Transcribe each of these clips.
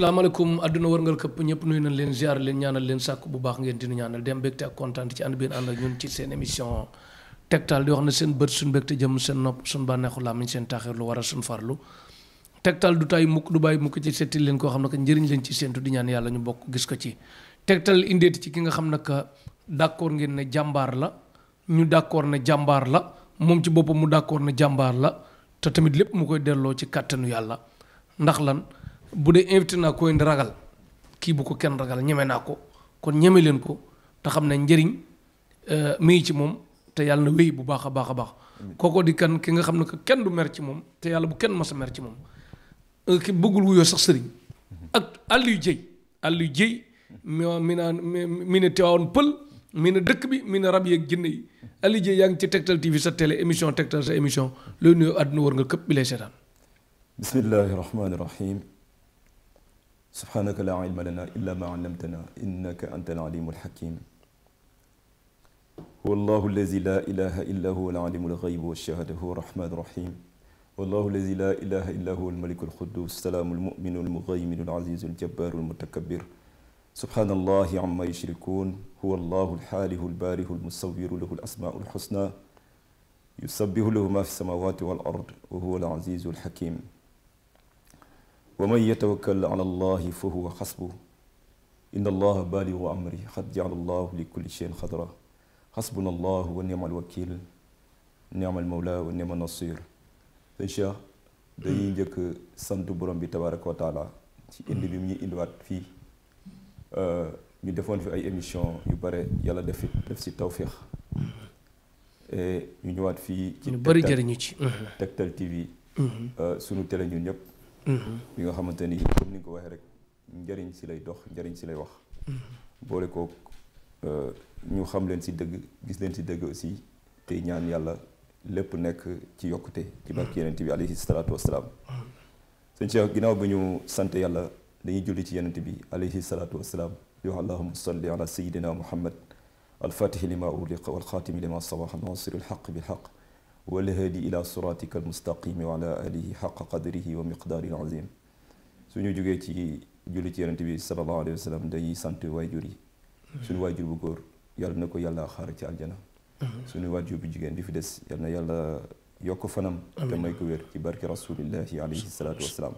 salaamaaleykum àdduna wërngal këpp ñëpp nuyu nañ leen ziar leen ñaanal leen sàkk bu baax ngeen dinu ñaanal dem mbégte ak kontaan ci ànd biir ànd ak ñun ci seen émission tegtal di wax ne seen bët suñu mbégte jëm seen nopp suñu bànneexu làmmiñ seen taaxirlu war a suñu farlu tegtal du tay mukk du bàyyi mukk ci setti leen koo xam ne que njëriñ leen ci seentu di ñaan yàlla ñu bokk gis ko ci tegtal indeeti ci ki nga xam ne que d'accord ngeen ne jàmbaar la ñu d'accord ne jàmbaar la moom ci boppam mu d'accord ne jàmbaar la te tamit lépp mu koy delloo ci kàttanu yàlla ndax lan bu dee invité naa ko indi ragal kii bu ko kenn ragal ñeme naa ko kon ñeme leen ko te xam ne njëriñ euh, mi ngi ci moom te yàlla na wéy bu baax a baax a baax. kooko di kan ki nga xam ne que kenn du mer ci moom te yàlla bu kenn mas a mer ci moom euh, ki bëggul wuyoo sax sëriñ ak àll yu Aliou Dieye mi naan mi ne teewoon pël mii ne dëkk bi mi ne rab yeeg jinne yi Aliou Dieye yaa ngi ci Tektal TV sa tele émission Tektal sa émission looy nuyoo àdduna war nga këpp bi seetaan. bismillahi subhaanaka laa ilma lanaa illaa maa allamtanaa innaka anta al-aliimu al-hakiim huwa allaahu allazii laa ilaaha illaa huwa al-aalimu al-ghaybi wash-shahaada huwa ar-rahmaanu ar-rahiim wallaahu allazii laa ilaaha illaa huwa al-maliku al-qudduus salaamu al-mu'minu al-muhayminu al-aziizu al-jabbaaru al-mutakabbir subhaana allaahi ammaa yushrikuun huwa allaahu al-haalihu al-baari'u al-musawwiru lahu al-asmaa'u al-husnaa yusabbihu lahu maa fi as-samaawaati wal-ardi wa huwa al-aziizu al-hakiim wa man yatawakkal ala allahi fa huwa xasbu inna allaha baaligu amri xad jaala allahu li kulli cheyin xadra xasbuna allahu wa nimal wakil nimal mawla wa nimal nasir sëñ Cheikh dañuy hmm. njëkk sant borom bi tabaraka wa taala ci indi bi hmm. mu indiwaat fii euh, ñu defoon fi ay émission yu bare yàlla def fi si tawféex hmm. ñu ñëwaat fii. ci ñu bari jëriñu ci Tektal TV. Euh, sunu télé ñu ñëpp. bi nga xamante ni comme ni nga ko waxee rek njëriñ si lay dox njëriñ si lay wax. boole ko euh, ñu xam leen si dëgg gis leen si dëgg aussi te ñaan yàlla lépp nekk ci yokkute. ci barke yonent bi alayhi salaatu wasalaam. sëñ Cheikh ginnaaw bi ñu sant yàlla dañuy julli ci yonent bi alayhi salaatu wasalaam di wax allahumma salli ala sayyidina muhammad al-fatihi lima ughliqa wal xaatimi lima sabaxa nasiril xaq bi xaq. walhaadi ila siratika almustaqimi wa ala alihi xaqa qadrihi wa miqdaari azim suñu jógee ci julli ci yonente bi salallahu alayhi wa sallam dañuy sant waajur yi mm-hmm. suñu waajur bu góor yàlla na ko yàlla xaar ci aljana mm-hmm. suñu waajur bu jigéen di fi des yàlla na yàlla yokk fanam te may ko wér ci barke rasulillahi alayhi salaatu wasalaam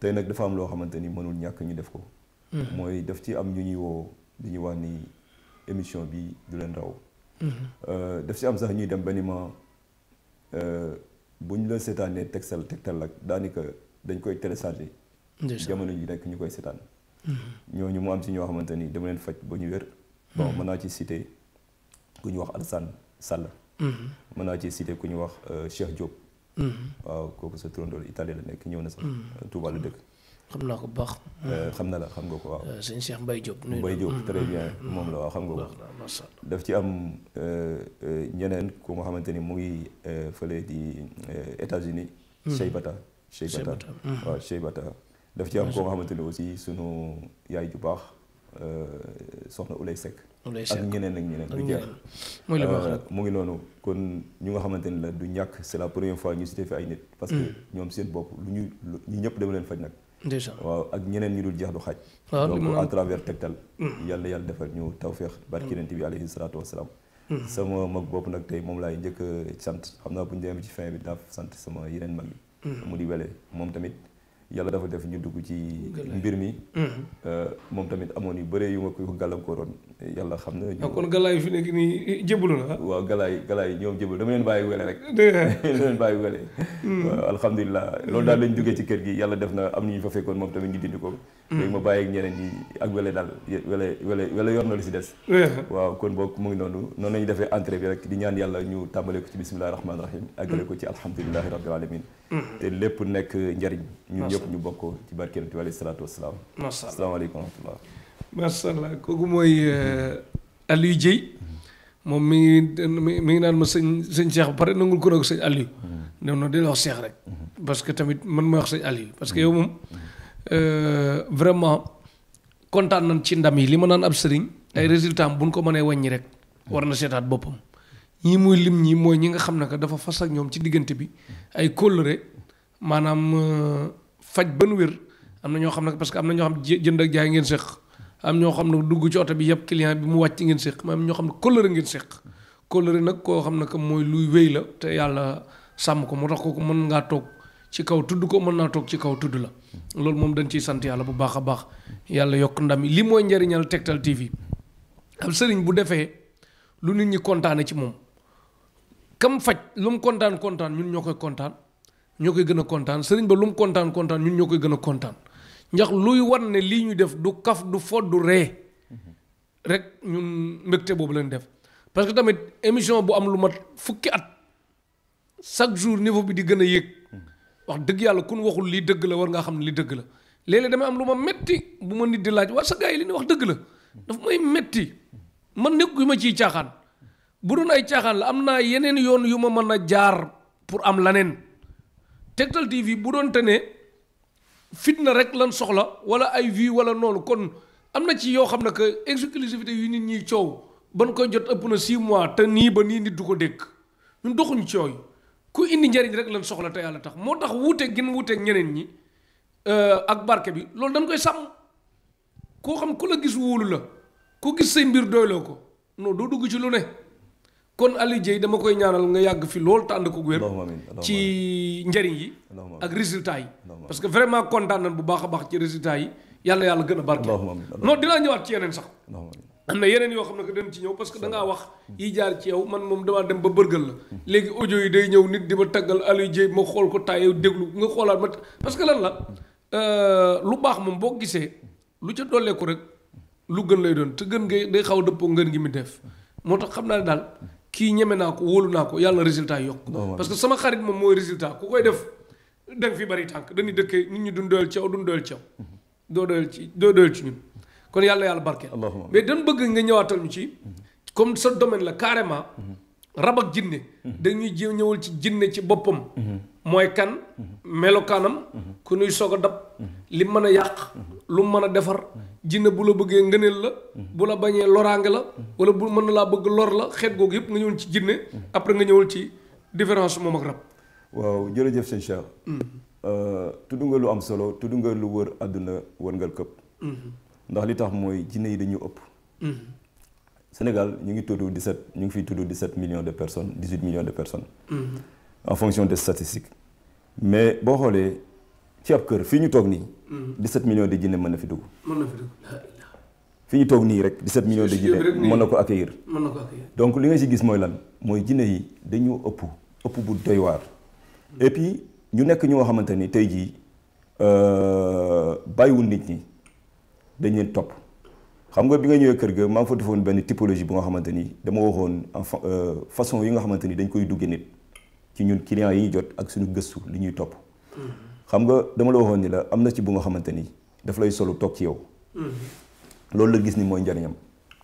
tey nag dafa am loo xamante ni mënul ñàkk ñu def ko mm-hmm. mooy daf ci am ñu ñuy woo di ñu wax ni émission bi du leen raw euh, daf ci am sax ñuy dem benn ma Euh, bu ñu la seetaanee Tektal Tektal ak daanaka dañ koy téléchargé. jamono ji nekk ñu koy seetaan. Mm-hmm. ñooñu mu am si ñoo xamante ni dama leen faj ba ñu wér. bon mm-hmm. mën naa ci cité ku ñu wax Alassane Sall. Mm-hmm. mën naa ci cité ku ñu wax euh, Cheikh Diop. waaw kooku sa turandoo italien la nekk ñëw na sax Touba dëkk. xam naa ko bu baax. Euh, xam na la xam nga ko waaw. Euh, sëñ Cheikh Mbaye Diop nuyu Mbaye Diop très mm-hmm. bien moom la waaw xam nga ko. daf ci am euh, ñeneen ku nga xamante ni mu ngi fële di États-Unis Cheybata mm-hmm. Cheybata mm-hmm. waaw daf ci am koo nga xamante ni aussi suñu yaay ju baax soxna Ulay Seck ak ñeneen ak ñeneen du jeex muy li wax rek mu ngi noonu kon ñu nga xamante ni la du ñàkk c'est la première fois ñu cité fi ay nit parce que mm. ñoom seen bopp lu ñu ñu ñëpp dem leen faj nag waaw ak ñeneen ñu dul jeex du xaj donc à travers tegtal mm. yàlla yàlla defal ñu tawféex barki nent bi alayhi salaatu wasalaam mm. sama mag bopp nag tey moom laay njëkk a sant xam naa bu ñu demee ci fin bi daaf sant sama yeneen mag yi mm. mu di wele moom tamit yàlla dafa def ñu dugg ci mbir mi euh, moom tamit amoon yu bëree yu ma ko gàllankooroon yàlla xam na. Ah, kon galaay fi nekk nii eh, jébbalu na. Ah? waaw galaay galaay ñoom jébbalu dama leen bàyyi wele rek. dama leen bàyyi wele. Hmm. waaw loolu daal lañ duggee ci kër gi yàlla def na am ñu fa fekkoon moom tamit ñu dindi ko. Hmm. léegi ma bàyyi ak ñeneen ak wele daal wele wele wele yor na lu si des. waaw kon boog mu ngi noonu noonu la defee entrée bi rek di ñaan yàlla ñu tàmbale ko ci bisimilah rahmaani rahim. Hmm. àggale ko ci alhamdulilahi rabbil alamin te lépp nekk njariñ. ñu ñëpp ñu bokk ci barkeelante bi alayhi salaatu wasalaam. asalaamaaleykum macha allah kooku mooy eh, Aliou Dieye moom mi ngi mi ngi naan ma sëñ sëñ Cheikh ba pare nangul ko roog sëñ Aliou mm-hmm. non non di la wax Cheikh rek mm-hmm. parce que tamit man ma wax sëñ Aliou parce que mm-hmm. yow moom eh, vraiment kontaan nañ ci ndam yi li ma naan ab sëriñ ay résultat am bu ñu ko mënee wàññi rek war na seetaat boppam ñii muy lim ñi mooy ñi nga xam ne que dafa fas ak ñoom ci diggante bi ay kóllëre maanaam eh, faj ban wér am na ñoo xam ne parce que am na ñoo xam jënd ak jaay ngeen seq. am ñoo xam ne dugg ci bi yëpp client bi mu wàcc ngeen séq maanaam ñoo xam ne kóllëre ngeen séq kóllëre nag koo xam ne que mooy luy wéy la te yàlla sàmm ko moo tax kooku mën ngaa toog ci kaw tudd ko mën naa toog ci kaw tudd la loolu moom dañ ciy sant yàlla bu baax a baax yàlla yokk ndam yi li mooy njëriñal Tektal TV ab sëriñ bu defee lu nit ñi kontaane ci moom kam faj lu mu kontaan kontaan ñun ñoo koy kontaan ñoo koy gën a kontaan sëriñ ba lu kontaan kontaan ñun ñoo koy gën a kontaan njax luy wan ne lii ñu def du kaf du fo du ree rek ñun mbégte boobu leen def parce que tamit émission bu am lu mat fukki at chaque jour niveau bi di gën a yéeg wax dëgg yàlla kun waxul lii dëgg la war ngaa xam ne lii dëgg la léeg-léeg damay am lu ma metti bu ma nit di laaj waa sa gars yi li ne wax dëgg la daf may metti man nekk yu ma ciy caaxaan bu doon ay caaxaan la am naa yeneen yoon yu ma mën a jaar pour am laneen Tektal TV bu doon te ne fitna rek lan soxla wala ay vie wala noonu kon am na ci yoo xam ne que exclusivité yu nit ñiy coow ban koy jot ëpp na 6 mois te nii ba nii nit du ko dégg ñun doxuñ cooy ku indi njëriñ rek lan soxla te yàlla tax moo tax wuute gën wuute ñeneen ñi euh, ak barke bi loolu dañ koy sàmm koo xam ku la gis wóolu la ku gis say mbir doyloo ko non doo dugg ci lu ne. kon Aliou Dieye dama koy ñaanal nga yàgg fi lool te ànd ko wér ci njëriñ yi ak résultat yi parce que vraiment kontaan nañ bu baax a baax ci résultat yi yàlla yàlla gën a barke non dinaa ñëwaat ci yeneen sax am na yeneen yoo xam ne que dañ ci ñëw parce que da wax mm. yi jaar ci yow man moom damaa dem ba bërgal la léegi audio yi day ñëw nit di ma taggal Aliou Dieye ma xool ko taayew déglu nga xoolaat ma parce que lan la euh, lu baax moom boo gisee lu ca dooleeku rek lu gën lay doon gën ngay day xaw dëppoo ngën gi mi def moo tax xam naa daal kii ñeme naa ko wóolu naa ko yàlla na résultat yokk parce que sama xarit moom mooy résultat ku koy def da nga fi bari tànk dañuy dëkkee nit ñi duñ doyal ceew duñ doyal ceew mhm. doo doyal ci doo doyal ci ñun kon yàlla yàlla barkeel mais dañ bëgg nga ñëwaatal mu ci mhm. comme sa domaine la carrément mhm. rab ak jinne dañuy jéem ñëwal ci jinne ci boppam mooy kan melokaanam ku nuy soog a dab li mën a yàq lu mën a defar jinne bu la bëggee ngëneel la bu la bañee loraange la wala bu mën na laa bëgg lor la xeet googu yëpp nga ñëwul ci jinne après nga ñëwul ci différence moom ak rab waaw jërëjëf sëñ Cheikh euh, tudd nga lu am solo tudd nga lu wër àdduna wërngal këpp ndax li tax mooy jinne yi dañu ëpp Sénégal ñu ngi tudd 17 ñu ngi fiy tudd 17 millions de personnes 18 millions de personnes mm -hmm. en fonction des statistiques mais boo xoolee ci ab kër fii ñu toog nii. 17 mm-hmm. millions de jinne mën na fi dugg. mën fi ñu toog nii rek 17 millions de jinne mën na ko accueillir. mën na ko donc li nga ci gis mooy lan mooy jinne yi dañu ëpp ëpp bu doy waar. et puis ñu nekk ñoo xamante ni tey jii euh, bàyyiwul nit ñi dañ leen topp. xam nga bi nga ñëwee kër ga maa ngi fa defoon benn typologie bu nga xamante ni dama waxoon euh, façon yi nga xamante ni dañ koy duggee nit. ci ñun clients yi jot ak suñu gëstu li ñuy topp. xam nga dama la waxoon ni la am na ci bu nga xamante ni daf lay solu toog ci yow. loolu la gis ni mooy njariñam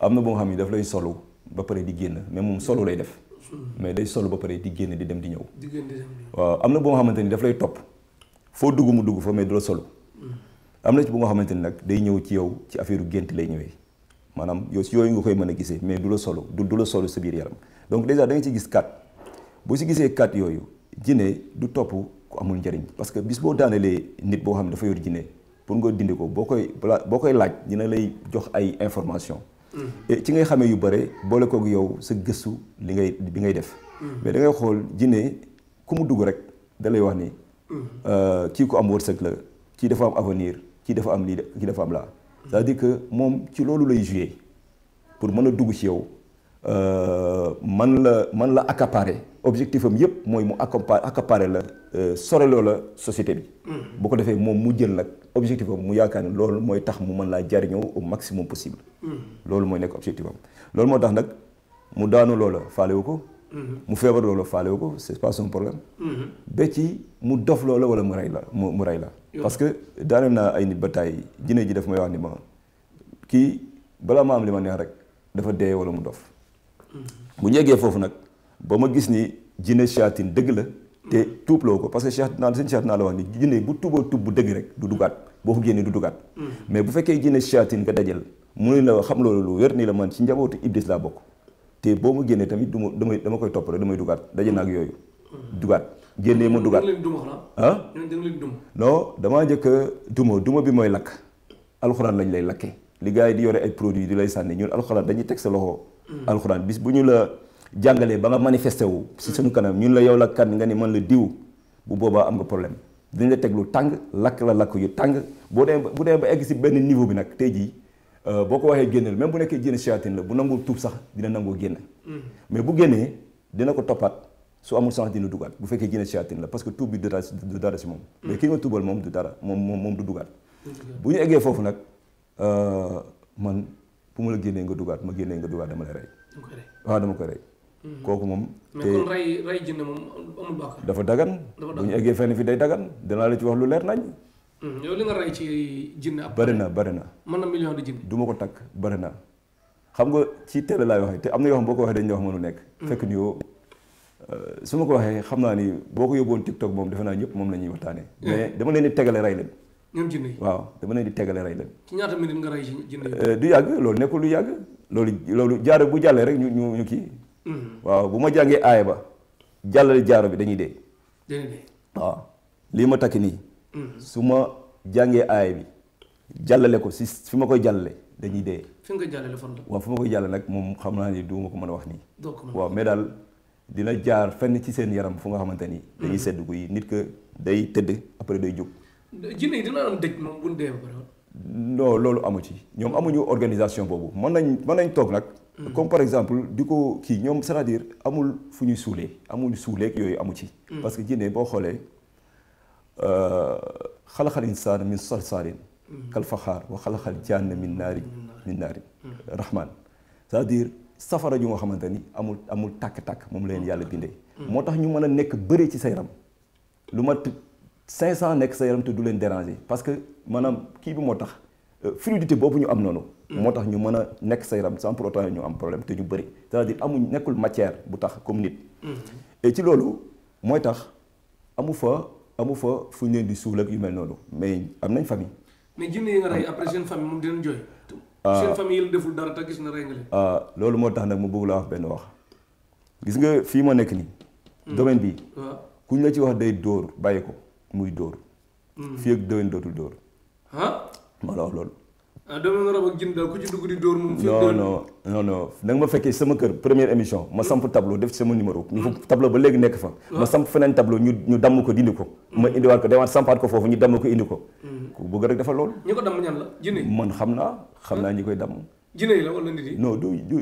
am na bu nga xam ni daf lay solu ba pare di génn mais moom solu lay def. mais day solu ba pare di génn di dem di ñëw. waaw am na xamante ni daf lay topp foo dugg mu dugg fa mais du la solu. am na ci bu nga xamante ni nag day ñëw ci yow ci affaire gént lay ñëwee maanaam yow si yooyu nga koy mën a gisee mais du la solu du du la solu sa biir yaram donc déjà da nga ci gis kat boo si gisee kat yooyu jinne du topp ku amul njëriñ parce que bis boo daanelee nit boo xam ne dafa yor jinne pour nga dindi ko boo koy boo koy laaj dina lay jox ay information mm. ci ngay xamee yu bare boole koog yow sa gëstu li ngay bi ngay def mm. mais da ngay xool jinne ku mu dugg rek dalay wax ni mm. euh, kii ko am wërsëg la kii dafa am avenir kii dafa am lii kii dafa am laa c'est-à-dire que moom ci loolu lay jouer pour mën a dugg ci yow euh, man la man la accaparer objectif am yëpp mooy mu accompagner accaparer la euh, soreloo la société bi. Mm. bu ko defee moom mu jël nag objectif am mu yaakaar ne loolu mooy tax mu mën laa jariñoo au maximum possible. Mm. loolu mooy nekk objectif am loolu moo tax nag mu daanu la faalewu ko. Mm-hmm. mu feebar loola faalewu ko c'est pas son problème. Mm-hmm. ba ci mu dof loola wala mu rey la mu mu rey la. parce que daaneel naa ay nit ba tàyyi jinne ji daf may wax ni ma kii balaa ma am li ma neex rek dafa dee wala mu dof. Mm-hmm. bu ñu foofu nag. ba ma gis ni jinne seytaane dëgg la te loo ko parce que Cheikh naan seen Cheikh naa la wax ni jinne bu tuuboo tuub bu dëgg rek du dugaat boo ko génnee du dugaat hmm. mais bu fekkee jinne seytaane nga dajal mu ne la xam loolu lu wér ni la man ci njabootu Iblis laa bokk te boo ma génnee tamit du ma damay dama koy topp rek damay dugaat daje naag yooyu hmm. dugaat génnee ma dugaat ah non damaa njëkk duma duma bi mooy lakk alxuraan lañ lay lakkee li gars yi di yore ay produits di lay sànni ñun alxuraan dañuy teg sa loxo hmm. alxuraan bis bu ñu la jàngalee ba nga manifesté wu si mm. suñu kanam ñun la yow la kan nga ni man la diw bu boobaa am nga problème dinañ la teg lu tàng lakk la lakk yu tàng boo dee bu dee ba egg si benn niveau bi nag tey jii euh, boo ko waxee génneel même bu nekkee génn shayatin la bu nangul tuub sax dina nangoo génn mm. mais bu génnee dina ko toppaat su amul sax dina dugaat bu fekkee génn shayatin la parce que tuub bi du dara dara si moom mm. mais ki nga tuubal moom du dara moom moom moom du dugaat bu ñu eggee foofu nag euh, man bu ma la génnee nga dugaat ma génnee nga dugaat dama lay rey waaw dama koy rey Mhm. kooku moom. te mais kon rey rey jënd dafa dagan bu ñu eggee fenn fi day dagan la ci wax lu leer nañ. Mhm. yow li nga rey ci jënd na bëri na. mën na million de jënd. du ma ko takk bëri na xam nga ci laay waxee te am na yoo xam boo ko waxee dañuy wax mënu nekk. Mhm. fekk euh, su ma ko waxee xam naa ni boo ko yóbbuwoon TikTok moom defe naa ñëpp moom la ñuy waxtaanee. mais dama leen di tegale rey leen. ñoom waaw dama leen di tegale rey leen. ci ñaata minute nga rey jënd yi. Euh, du yàgg loolu nekkul lu yàgg loolu loolu jaare bu jàllee rek ñu ñu ñu kii Mm. waaw bu ma jàngee aaya ba jàllale jaaro bi dañuy dee. waaw lii ma takk nii. Mm. su ma jàngee aaya bi jàllale ko si fi ma koy jàllale dañuy dee. fi nga koy jàllale fan la. fi ma koy jàllale nag moom xam naa ni du ma ko mën a wax nii. waaw mais daal dina jaar fenn ci seen yaram fu nga xamante ni. Mm. dañuy sedd ko yi nit que day tëdd après day jóg. jinne loolu amu ci ñoom amuñu organisation boobu mën nañ man nañ toog nag. Mm. comme par exemple di ko kii ñoom c'est-à-dire amul fu ñu suulee amul suuleeg yooyu amu ci. Mm. parce que jinne boo xoolee euh, xalaxal insaan min salsaalin mm. kal faxaar wa xalaxal jànn min naari min naari rahman c'est-à-dire safara ju nga xamante ni amul amul tàkk-tàkk moom la leen yàlla bindee. moo tax ñu mën a nekk bëre ci sa yaram lu mat 500 nekk sa yaram te du leen déranger parce que maanaam kii bi moo tax euh, fluidité boobu ñu am noonu. moo tax ñu mën a nekk sa yaram sans pour ñu am problème te ñu bëri cest di dire amuñ nekkul matière bu tax comme nit mm-hmm. et ci loolu mooy tax amu fa amu fa fu di suul yu mel noonu mais am nañ famille mais jinne yi moom dinañ jooy seen ah. gis na ah, loolu moo tax nag mu bëgg la wax benn wax gis nga fii ma nekk nii mm. domaine bi kuñ la ci wax day dóor bàyyi ko muy dóor mm. fii ak déwén dootul dóor ma la wax loolu ah dama rab ak jinn daal ku ci dugg di dóor ma fekkee sama kër première émission ma samp tableau def ci sama numéro. ñu fa tableau ba léegi nekk fa. Ah. ma samp feneen tableau ñu ñu damm ko dindi ko. ma mm. indiwaat ko demaat sampaat ko foofu ñu damm ko indi ko. Mm. ku bëgg rek dafa loolu. man xam naa xam ah. naa ñi koy damm. jinne yi la wala nit yi. non du du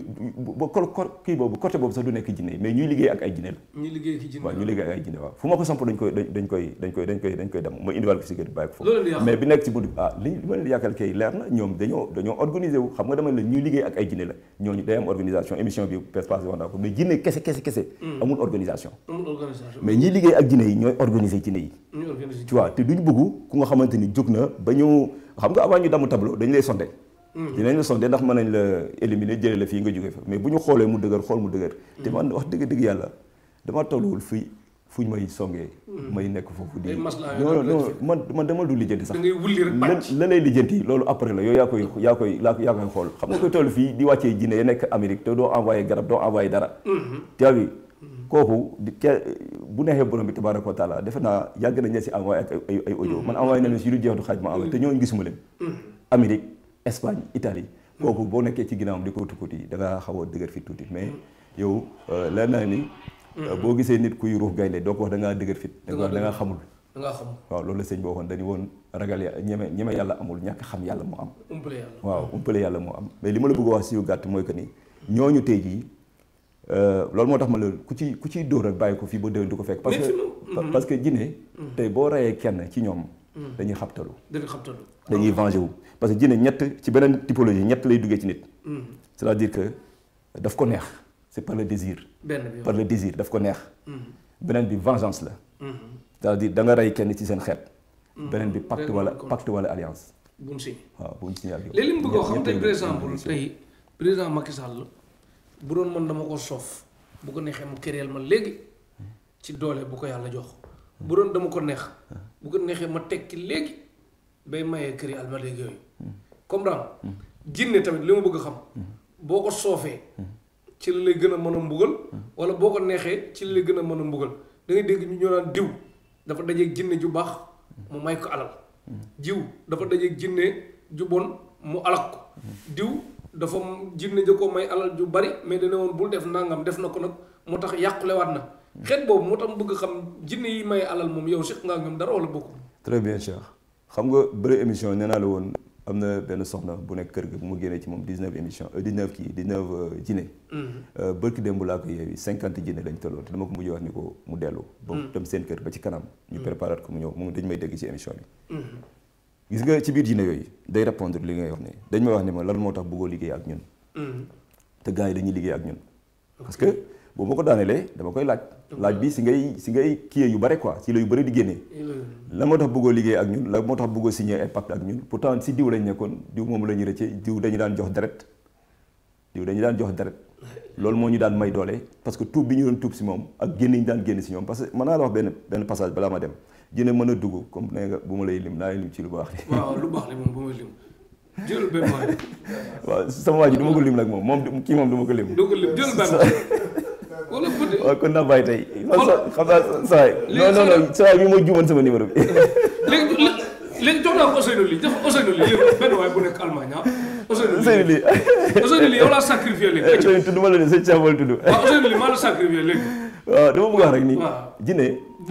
ba kor kor kii boobu côté boobu sax du nekk jinne yi mais ñuy liggéey ak ay jinne la. ñuy liggéey ak jinne waaw ñuy liggéey ko samp dañ koy dañ koy dañ koy dañ koy dañ koy dem ah, wu xam nga dama la ñuy liggéey ak ay jinne la ñooñu day am organisation émission bi pes passé wax naa mais jinne hmm. liggéey ak jinne yi ñooy organiser jinne yi tu vois te duñ bëgg ku nga xamante ni jóg na ba ñu xam nga avant ñu damu tableau dañ lay sondé Mm-hmm. dinañ la sondé ndax mën nañ la éliminer jële la fii nga jóge fa mais bu ñu xoolee mu dëgër xool mu dëgër mm-hmm. te man wax dëgg dëgg yàlla dama tolluwul fii fuñ may songee mm-hmm. may nekk foofu di non non man man dama du lijjanti la lay lijjanti loolu après la yow yaa koy yaa koy xool xam nga koy toll fii di wàccee jinne ya nekk Amérique te doo envoyé garab doo envoyé dara tiabi kooku ke bu neexee borom bi tabaaraka wa defe naa yàgg nañ ne si envoyé ak ay ay audio man envoyé na leen si du jeex du xaaj ma envoyé te ñooñu gisuma Espagne Italie hmm. kooku boo nekkee ci ginnaawam di ko tukkuti da ngaa xaw a dëgër fit tuuti mais hmm. yow euh, leer naa ni. Hmm. Euh, boo gisee nit kuy ruux gaynde doo ko wax da ngaa dëgër fit. da ngaa da ngaa xamul. da ngaa xamul waaw loolu la sëñ bi waxoon dañu woon ragal yàlla ñeme ñeme yàlla amul ñàkk xam yàlla moo am. umpale yàlla yàlla moo am mais li ma la bëgg wax si yu gàtt mooy que ni ñooñu tey jii euh, loolu moo tax ma la ku ci ku ciy dóor rek bàyyi ko fii ba déwén du ko fekk. parce que parce que jinne tey boo rayee kenn ci ñoom Hmm. dañuy xabtalu dañuy venger wu parce que jinne ñett ci beneen typologie ñett lay duggee ci nit hmm. c'est-à-dire que daf ko neex c'est par le désir par le désir daf ko neex hmm. beneen bi vengeance la c'est-à-dire da nga rey kenn ci seen xeet beneen bi pacte wala pacte wala alliance buñ si waaw buñ si ak léegi li mu bëgg xam tey par exemple tey président Macky bu doon man dama ko soof bu ko neexee mu këréel ma léegi ci doole bu ko yàlla jox bu doon bu ko neexee ma tekki léegi bay mayee kër yi almadeeg comme comprendre hmm. jinne tamit li ma bëgg xam hmm. boo ko soofee hmm. ci la lay gën a mën a mbugal wala boo ko neexee ci la lay gën a mën a mbugal da ngay dégg ñu ñoo naan diw dafa dajeeg jinne ju baax mu may ko alal diw dafa dajeeg jinne ju mu alak ko diw dafa jinne ja ko may alal ju bari mais dana woon bul def nangam def na ko nag moo tax yàqulewaat na xeet boobu moo tax mu bëgg xam jinne yi may alal moom yow Cheikh nga ak ñoom dara wala bokkul. très bien Cheikh xam nga bëri émission nee naa la woon am na benn soxna bu nekk kër gi bu ma génnee ci moom 19 émission 19 kii 19 euh, jinne. Mhm. Euh, barki démb laa ko yeewi 50 jinne lañ tolloo te dama ko mujj wax ni ko mu dellu. ba mhm. dem seen kër ba ci kanam. ñu mhm. préparer ko mu ñëw moom dañ may dégg ci émission bi. gis nga ci biir jinne yooyu day répondre li ngay wax ne dañ wax ne ma lan moo tax bëggoo liggéey ak ñun. te gars yi dañuy liggéey ak ñun bu ma ko daaneelee dama koy laaj laaj bi si ngay si ngay kiyee yu bare quoi si la yu bëri di génnee la moo tax bëggoo liggéey ak ñun la moo tax bëggoo signé ay pacte ak ñun pourtant si diw lañ nekkoon diw moom la ñu rëccee dañu daan jox deret diw dañu daan jox deret loolu moo ñu daan may doole parce que tuub bi ñu doon tuub si moom ak génn ñu daan génn si ñoom parce que mën naa la wax benn benn passage balaa ma dem jëne mën a dugg comme ne nga bu ma lay lim naa lay lim ci lu baax li waaw lu baax sama waa ji du ma ko lim nag moom moom kii moom lu ma ko lim wala guddi waaw kon naa bàyyi tey. xam naa saa yi non saa yi moo juumoon sama numéro bi. léegi léegi jox naa ko Ousseynou Ly jox Ousseynou Ly yëpp benn waay bu nekk Allemagne ah. Ousseynou Ly Ousseynou Ly yow laa sacrifié ma la ne sa càmmoñ jinne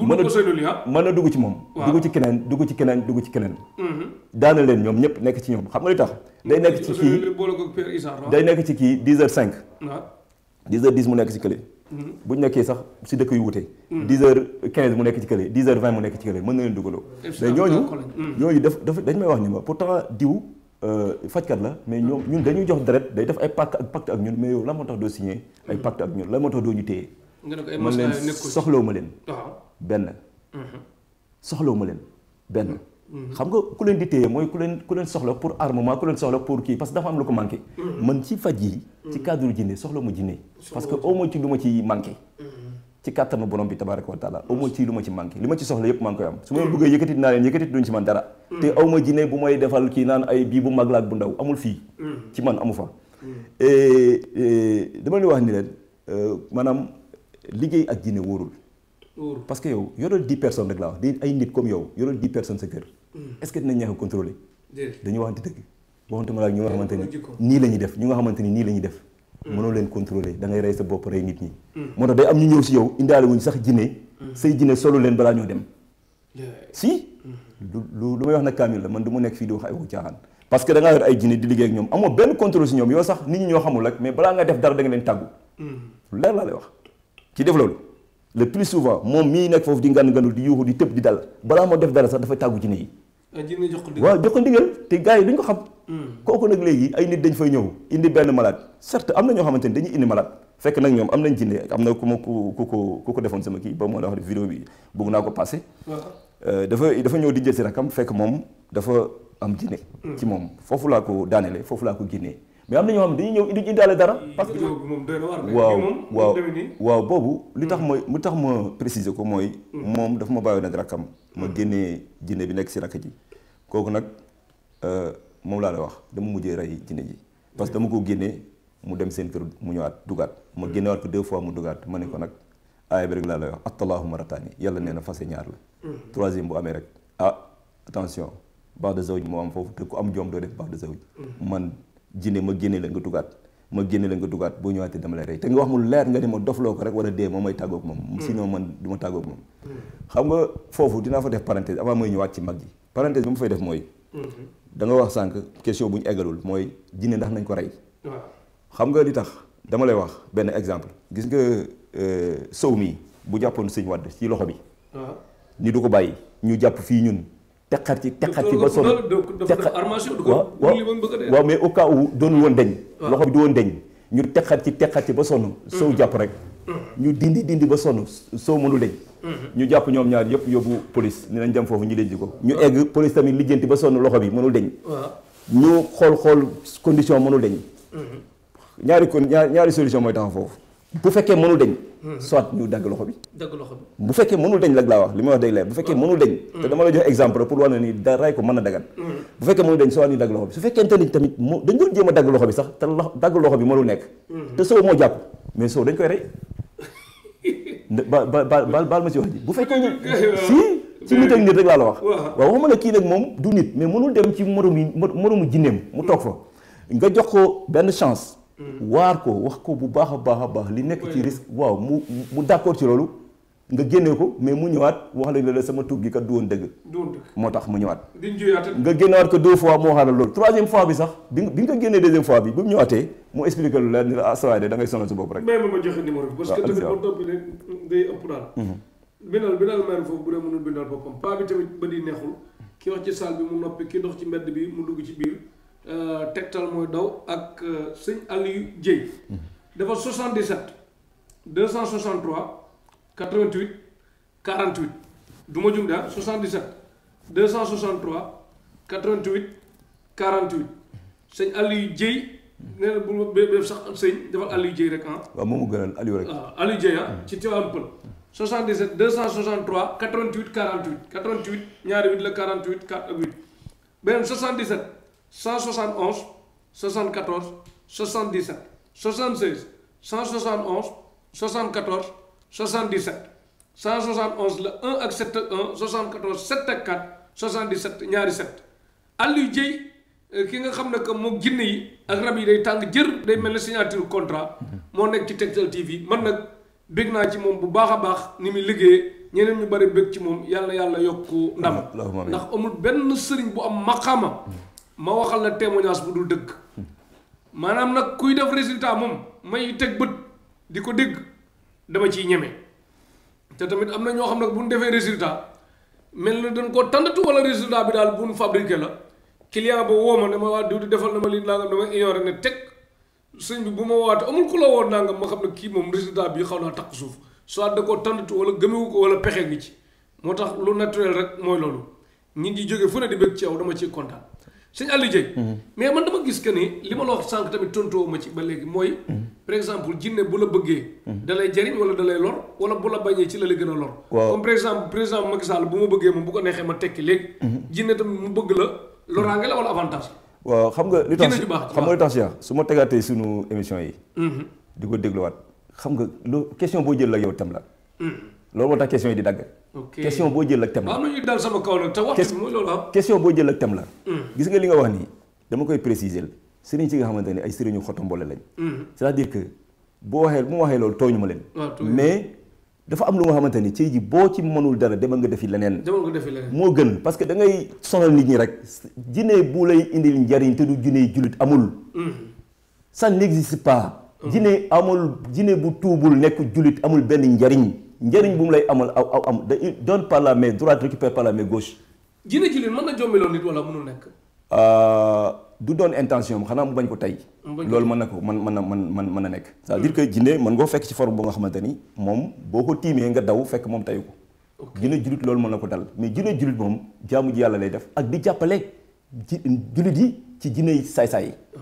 mën a ah. mën dugg ci moom dugg ci keneen dugg ci keneen dugg ci keneen mm-hmm. daana leen ñoom ñëpp nekk ci ñoom xam nga li tax day nekk ci kii ah. day nekk ci kii dix cinq dix heures dix mu nekk ci kële bu ñu nekkee sax si dëkk yu wute. Hmm. dix heures quinze mu nekk ci kële dix heures vingt mu nekk ci kële mën na leen dugaloo. mais ñooñu hmm. ñooñu daf daf dañ may wax ni ma pourtant diw euh, fajkat la mais ñoom hmm. ñun dañuy jox deret day def ay pacte ak pacte ak ñun mais yow la moo tax doo signé. ay pacte ak ñun la moo tax doo ñu téye. nga ne ko leen soxloo ma ah. leen. benn. soxloo ma leen benn. Mhm. xam nga ku leen di téye mooy ku leen ku leen soxla pour armement ku leen soxla pour kii parce que dafa am lu ko manqué. Mhm. man ci faj yi. Mhm. ci cadre jinne soxla ma jinne parce que au moins ci lu ma ci manqué. ci kàttanu borom bi tabaraka wa taala au ci ma ci manqué li ma ci soxla yëpp maa ngi koy am su ma bëggee yëkkati dinaa leen yëkkati duñ ci man dara. te aw jinne bu may defal kii naan ay bii bu mag la bu ndaw amul fii. ci man amu fa. dama leen wax ni leen euh, maanaam liggéey ak jinne wóorul. parce que yow yoral dix personnes rek laa wax di ay nit comme yow yoral sa kër. Hmm. est-ce que dinañ ñàkk a contrôler dañu waxante dëgg waxantuma la ñu nga xamante ni nii la def ñu nga xamante nii la def mënoo leen contrôler da rey sa bopp rey nit ñi hmm. moo day am ñu ñëw si yow indaale wuñ sax jinne hmm. say jinne solu leen balaa ñoo dem si lu lu may wax nag kaamil la man du mu nekk fii di wax ay waxu caaxaan parce que da ngaa ay jinne di liggéey ak ñoom amoo benn contrôle si ñoom yow sax nit ñi ñoo xamul rek mais balaa Euh, waaw jox ko ndigal te gars yi duñ ko xam hmm. kooku nag léegi ay nit dañ fay ñëw indi benn malade certes am na ñoo xamante ni dañuy indi malade fekk nag ñoom am nañ jinne am na ku ma ku ku ku ko defoon sama kii ba moo la wax vidéo bi bëgg naa ko passé euh, dafa dafa ñëw di jël si rakam fekk moom dafa am jinne hmm. ci moom foofu laa ko daaneele foofu laa ko génnee mais am na ñoo xam ne dañuy ñëw indi indaale dara hmm. parce que waaw waaw waaw boobu li tax ma li tax ma préciser ko mooy moom dafa ma bàyyoon ak rakam ma génnee jinne bi nekk si rakk ji kooku nag euh, moom laa la wax dama mujjee rey jinne ji parce que dama ko génnee mu dem seen kër mu ñëwaat dugaat ma hmm. génnewaat ko deux fois mu dugaat ma ne ko hmm. nag aaya bi rek laa lay wax attalaahu marataani yàlla nee na fase ñaar la hmm. troisième bu amee rek ah attention baax de zawj moo am foofu te ku am jom doo def baax de zawj man jinne ma génne la nga dugaat ma génne la ko dugaat boo ñëwaatee dama lay rey te nga wax mu leer nga ni ma dofloo ko rek war a dee moom may tàggoog moom mm. sinon man du ma moom mm. xam nga foofu dinaa fa def parenthèse avant may ñëwaat ci mag ji parenthèse bi ma fay def mooy mm-hmm. da wax sànq question bu ñu eggalul mooy jinne ndax nañ ko rey xam nga li tax dama lay wax benn exemple gis nga euh, sow mii bu jàppoon sëñ Wàdd ci loxo bi ni du ko bàyyi ñu jàpp fii ñun teqar ci teqar ci ba sonn teqar waaw mais au cas où doonul woon deñ ah. loxo bi du woon deñ ñu teqar ci teqar ci ba sonn mm-hmm. soow jàpp rek mm-hmm. ñu dindi dindi ba sonn soo mënu deñ mm-hmm. ñu jàpp ñoom ñaar yëpp yóbbu police ni nañ dem foofu ñu leen di ko ñu egg ah. police tamit lijjanti ba sonn loxo bi mënul deñ ah. ñu xool xool condition mënul deñ ñaari kon ñaari solution mooy taxaw foofu bu fekkee mënul dañ. Mm-hmm. soit ñu dagg loxo bi. dagg loxo bu fekkee mënul dañ lag laa wax li may wax day leer bu fekkee mënul dañ. Mm-hmm. te dama la jox exemple pour wane ni daraay ko mën a dagan. Mm-hmm. bu fekkee mënul dañ soit ñu dagg loxo bi su fekkente ni tamit mu dañ doon jéem dagg loxo bi sax te loxo dagg loxo bi mënul nekk. te soo moo jàpp mais soo dañ koy rey. ba ba ba baal ma si wax ji bu fekkee ñu si. ci nit ak nit rek laa la wax. waaw waxuma ne kii nag moom du nit mais mënul dem ci moromu moromu jinneem mu toog fa nga jox ko benn chance waar ko wax ko bu baax a baax a baax li nekk ci risque waaw mu mu d'accord ci loolu nga génne ko mais mu ñëwaat wax la la sama tuug gi kat du woon dëgg moo tax mu ñëwaat nga génnewaat ko deux fois moo xaaral loolu troisième fois bi sax bi bi nga génnee deuxième fois bi bu mu ñëwaatee mu expliqué lu la ni ah, de da ngay sonal sa bopp rek mais mhm. ci salle bi mu noppi ki dox ci mbedd bi mu dugg ci biir Euh, tegtal mooy daw ak euh, sëñ Aliou Dieye mhm. dafa 77 263 88 48 du ma jum daal 77 263 88 48 sëñ Aliou Dieye mhm. nee na bu ma béy sax sëñ defal Aliou Dieye rek ah. waaw moom mu gënal Aliou rek. waaw ah, Aliou Dieye ah mhm. ci Tivaouane Peulh 77 263 88 48 88 ñaari 8 la 48 171 74 77 76 171 74 77 171 la 1 ak 7 ak 1 74 7 ak 4 77 ñaari 7 yu Dieye euh, ki nga xam ne que moom jinne yi ak rab yi day tàng jër day mel ne signature contrat moo nekk ci Tektal TV man nag bég naa ci moom bu baax a baax ni muy liggéeyee ñeneen ñu bari bég ci moom yàlla yàlla yokku ndam ndax amul benn sëriñ am maqaama ma waxal la témoignage bu dul dëgg maanaam nag kuy def résultat moom may teg bët di ko dégg dama ciy ñeme te tamit am na ñoo xam ne bu ñu defee résultat mel na dañ ko tàndatu wala résultat bi daal bu ñu fabriqué la client ba woo ma ne ma waa diw di defal na ma lii nangam dama rek ne teg sëñ bi bu ma waate amul ku la woo nangam ma xam ne kii moom résultat bi xaw naa takk suuf soit da koo tàndatu wala gëmewu ko wala pexe gi ci moo tax lu naturel rek mooy loolu nit yi jóge fu ne ci yow dama ciy sëñ Aliou Dieng. mais man dama gis que ni li ma la wax sànq tamit tontoo ma ci ba léegi mooy. par exemple jinne bu la bëggee. da lay jariñ wala da lay lor wala bu la bañee ci la la gën a lor. waaw comme par exemple président Macky Sall bu ma bëggee moom bu ko neexee ma tekki léegi. jinne tamit mu bëgg la loraange la wala avantage. waaw xam nga li tax xam nga li tax su ma tegaatee sunu émission yi. Mhm. di ko dégluwaat xam nga loo question boo jël la yow tam la. Mhm. loolu moo tax question yi di dagg. question boo jël ak thème la. waaw ñuy dal ah. jël ak thème la. Hmm. gis nga li nga wax nii dama koy préciser la sëriñ si nga xamante ne ay sëriñu xottu mboole lañ. Hmm. c'est-à-dire que boo waxee bu ma waxee loolu tooñu ma leen. mais dafa am lu nga xamante ni ci ji boo ci mënul dara demal nga defi leneen. demal nga defi leneen moo gën parce que da ngay nit ñi rek. jinne bu lay indil njariñ te du jinne julit amul. Hmm. ça n'existe pas. jinne amul jinne bu tuubul nekk jullit amul benn njariñ njëriñ bu mu lay amal aw aw am da donne par la main droite récupère par la main gauche. ji na ji mën na jombiloo nit wala mënul nekk. Euh, du doon intention xanaa mu bañ ko tey. lool mën na ko mën mën na mën mën na nekk. sa à dire hmm. que jinne mën nga fekk ci forme bu nga xamante ni moom boo ko tiimee nga daw fekk moom teyu ko. jinne jullit loolu mën na ko dal mais jinne jullit moom jaamu ji yàlla lay def ak di jàppale ji jullit yi ci jinne yi saay-saay yi ah.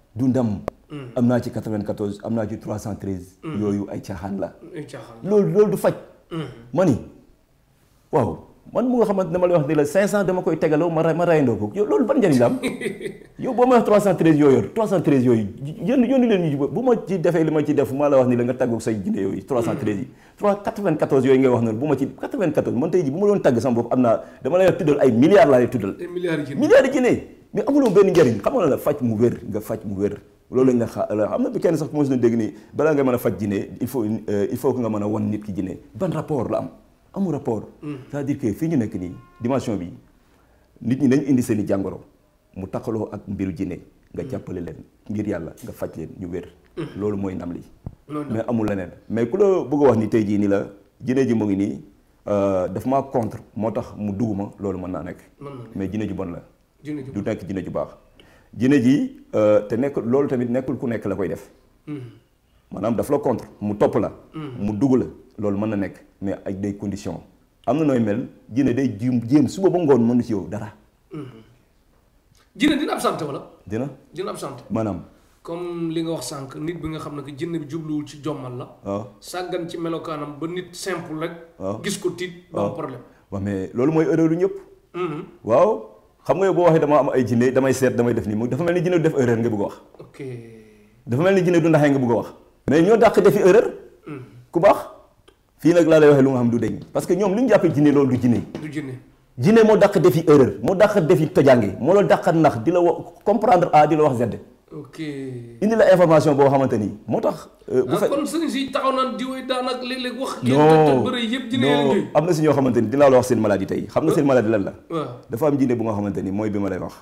du ndam. Mm. am naa ci 94 am naa ci 313. Mm. yooyu ay caaxaan la. ay caaxaan la loolu loolu du faj. Mm. ma ni waaw man mu nga xamante ne lay wax ni la 500 dama koy tegaloo ma ra ma rayandoo ko yow loolu ban njëriñ la am yow boo ma wax 313 yoo yor yooyu yónni yónni leen def maa la wax ni la nga tàggoog say jinde yooyu 313 yi. 3 94 yooyu ngay wax noonu bu ma ci 94 man tey ji bu ma doon tàgg sama bopp am naa dama lay tuddal ay milliards ay milliards yi jënd milliards yi mais amuloo benn njariñ xam la faj mu wér nga faj mu wér loolu lañ la xa am na bi kenn sax mos na dégg ni balaa nga mën a faj jinne il faut euh, il faut que nga mën a wan nit ki jinne ban rapport la am amul rapport mm. c'est-à-dire que fii ñu nekk nii dimension bi nit ñi dañ indi seen i jàngoro mu takkaloo ak mbiru jinne nga mm. jàppale leen ngir yàlla nga faj leen ñu wér mm. loolu mooy ndam li mais amul leneen mais ku loo bëgg a wax ni tey jii nii la jinne ji mu ngi nii euh, daf maa contre moo tax mu duguma loolu mën naa nekk mais jinne ji bon la du nekk jinne ju baax jinne ji euh, te nekk loolu tamit nekkul ku nekk la koy def hmm. maanaam daf mu topp la hmm. mu la loolu mën na nekk mais ak des conditions am na nooy mel jinne day jéem jéem suba ba ngoon mënu ci yow dara hmm. jinne dina absente wala dina dina li nga wax sànq nit bi nga xam ne que jubluwul ci jommal la waaw ah. sàggan ci melokaanam ba nit simple rek waaw ah. gis ko tiit ba ah. problème waaw mais loolu mooy erreur lu waaw xam nga yow boo waxee dama am ay jinne damay seet damay def nii moom dafa mel ni jinne du def erreur nga bëgg a wax. ok dafa mel ni jinne du ndaxee nga bëgg a wax. mais ñoo dàq defi erreur. Mm. ku baax fii nag laa lay waxee lu nga xam du deñ parce que ñoom lu ñu jàppee jinne loolu du jinne. du jinne jinne moo dàq defi erreur moo dàq defi tojange moo la dàq nax di la comprendre A di la wax Z. ok indi la information boo xamante ni moo tax. Euh, bu ah, fekkee kon sëriñ si taxaw naan diwee daanaka léeg-léeg wax. ñoo xamante ni dinaa la wax seen maladie tey xam nga seen ah. maladie lan la. Ah. dafa am jinne bu nga xamante ni mooy bi ma lay wax.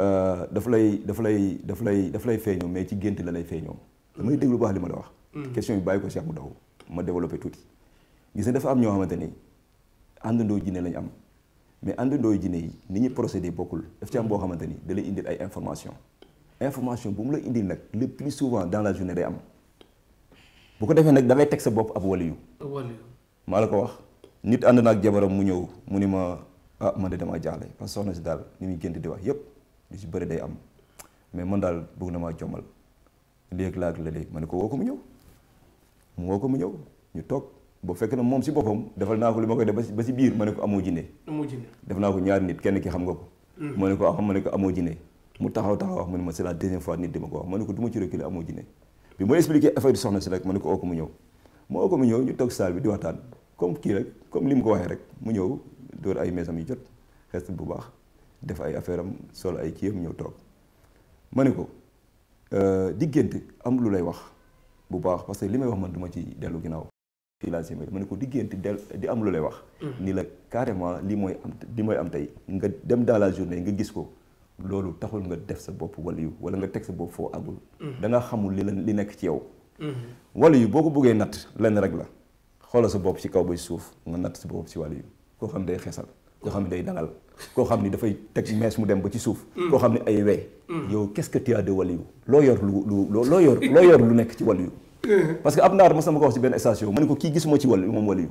Euh, daf lay daf lay daf lay daf lay feeñoo mais ci gént la lay feeñoo. damay déglu baax li ma la wax. Hmm. question bi bàyyi ko Cheikh mu daw ma développé tuuti. gis nga dafa am ñoo xamante ni àndandoo jinne lañ am mais àndandoo jinne yi ni ñuy procédé bokkul daf ci am boo xamante ni da lay indil ay information information bu mu la indi nag le plus souvent dans la journée day am bu ko defee nag da teg sa bopp ab waliyu maa la ko wax nit ànd naag jabaram mu ñëw mu ni ma ah man de damaa jaaxle parce que soxna si daal ni muy gént di wax yëpp lu si bari day am mais man daal bëgg na maa jommal léegi laag la léegi ma ne ko woo ko mu ñëw mu woo ko mu ñëw ñu toog ba fekk na moom si boppam defal naa ko li ma koy def ba si biir ma ne ko amoo jinne def naa k ñaari nit kenn xam nga ko mm. ma mu taxaw taxaw wax mu ne ma si la deuxième fois nit di ma ko wax ma ne ko du ma ci reculer amoo jinne bi ma expliqué affaire soxna si rek ma ne ko oo ko mu ñëw ma oo ko mu ñëw ñu toog saal bi di waxtaan comme kii rek comme li mu ko waxee rek mu ñëw dóor ay meesam yu jot xest bu baax def ay affaire am solo ay kii am ñëw toog ma ne ko euh, diggante am lu lay wax bu baax parce que li may wax man duma ci dellu ginnaaw fii laa si ma ne ko diggante del di am lu lay wax mm. ni la carrément li mooy am li mooy am tey nga dem dans la journée nga gis ko loolu taxul nga def sa bopp wala yu wala nga teg sa bopp foo agul mm-hmm. da nga xamul li la li nekk ci yow mm-hmm. wala yu boo ko bëggee natt lenn rek la xoolal sa bopp ci kaw ba suuf nga natt sa bopp ci wàllu yu koo xam day xesal koo xam ne day dangal koo xam ni dafay teg mees mu dem ba ci suuf mm-hmm. koo xam ne ay wey yow qu'est-ce loo yor lu loo yor loo yor lu nekk ci wàllu yu parce que ab naar ma sama ko wax ci benn station ma ne ko kii gisuma ci wàllu yu moom wàllu yu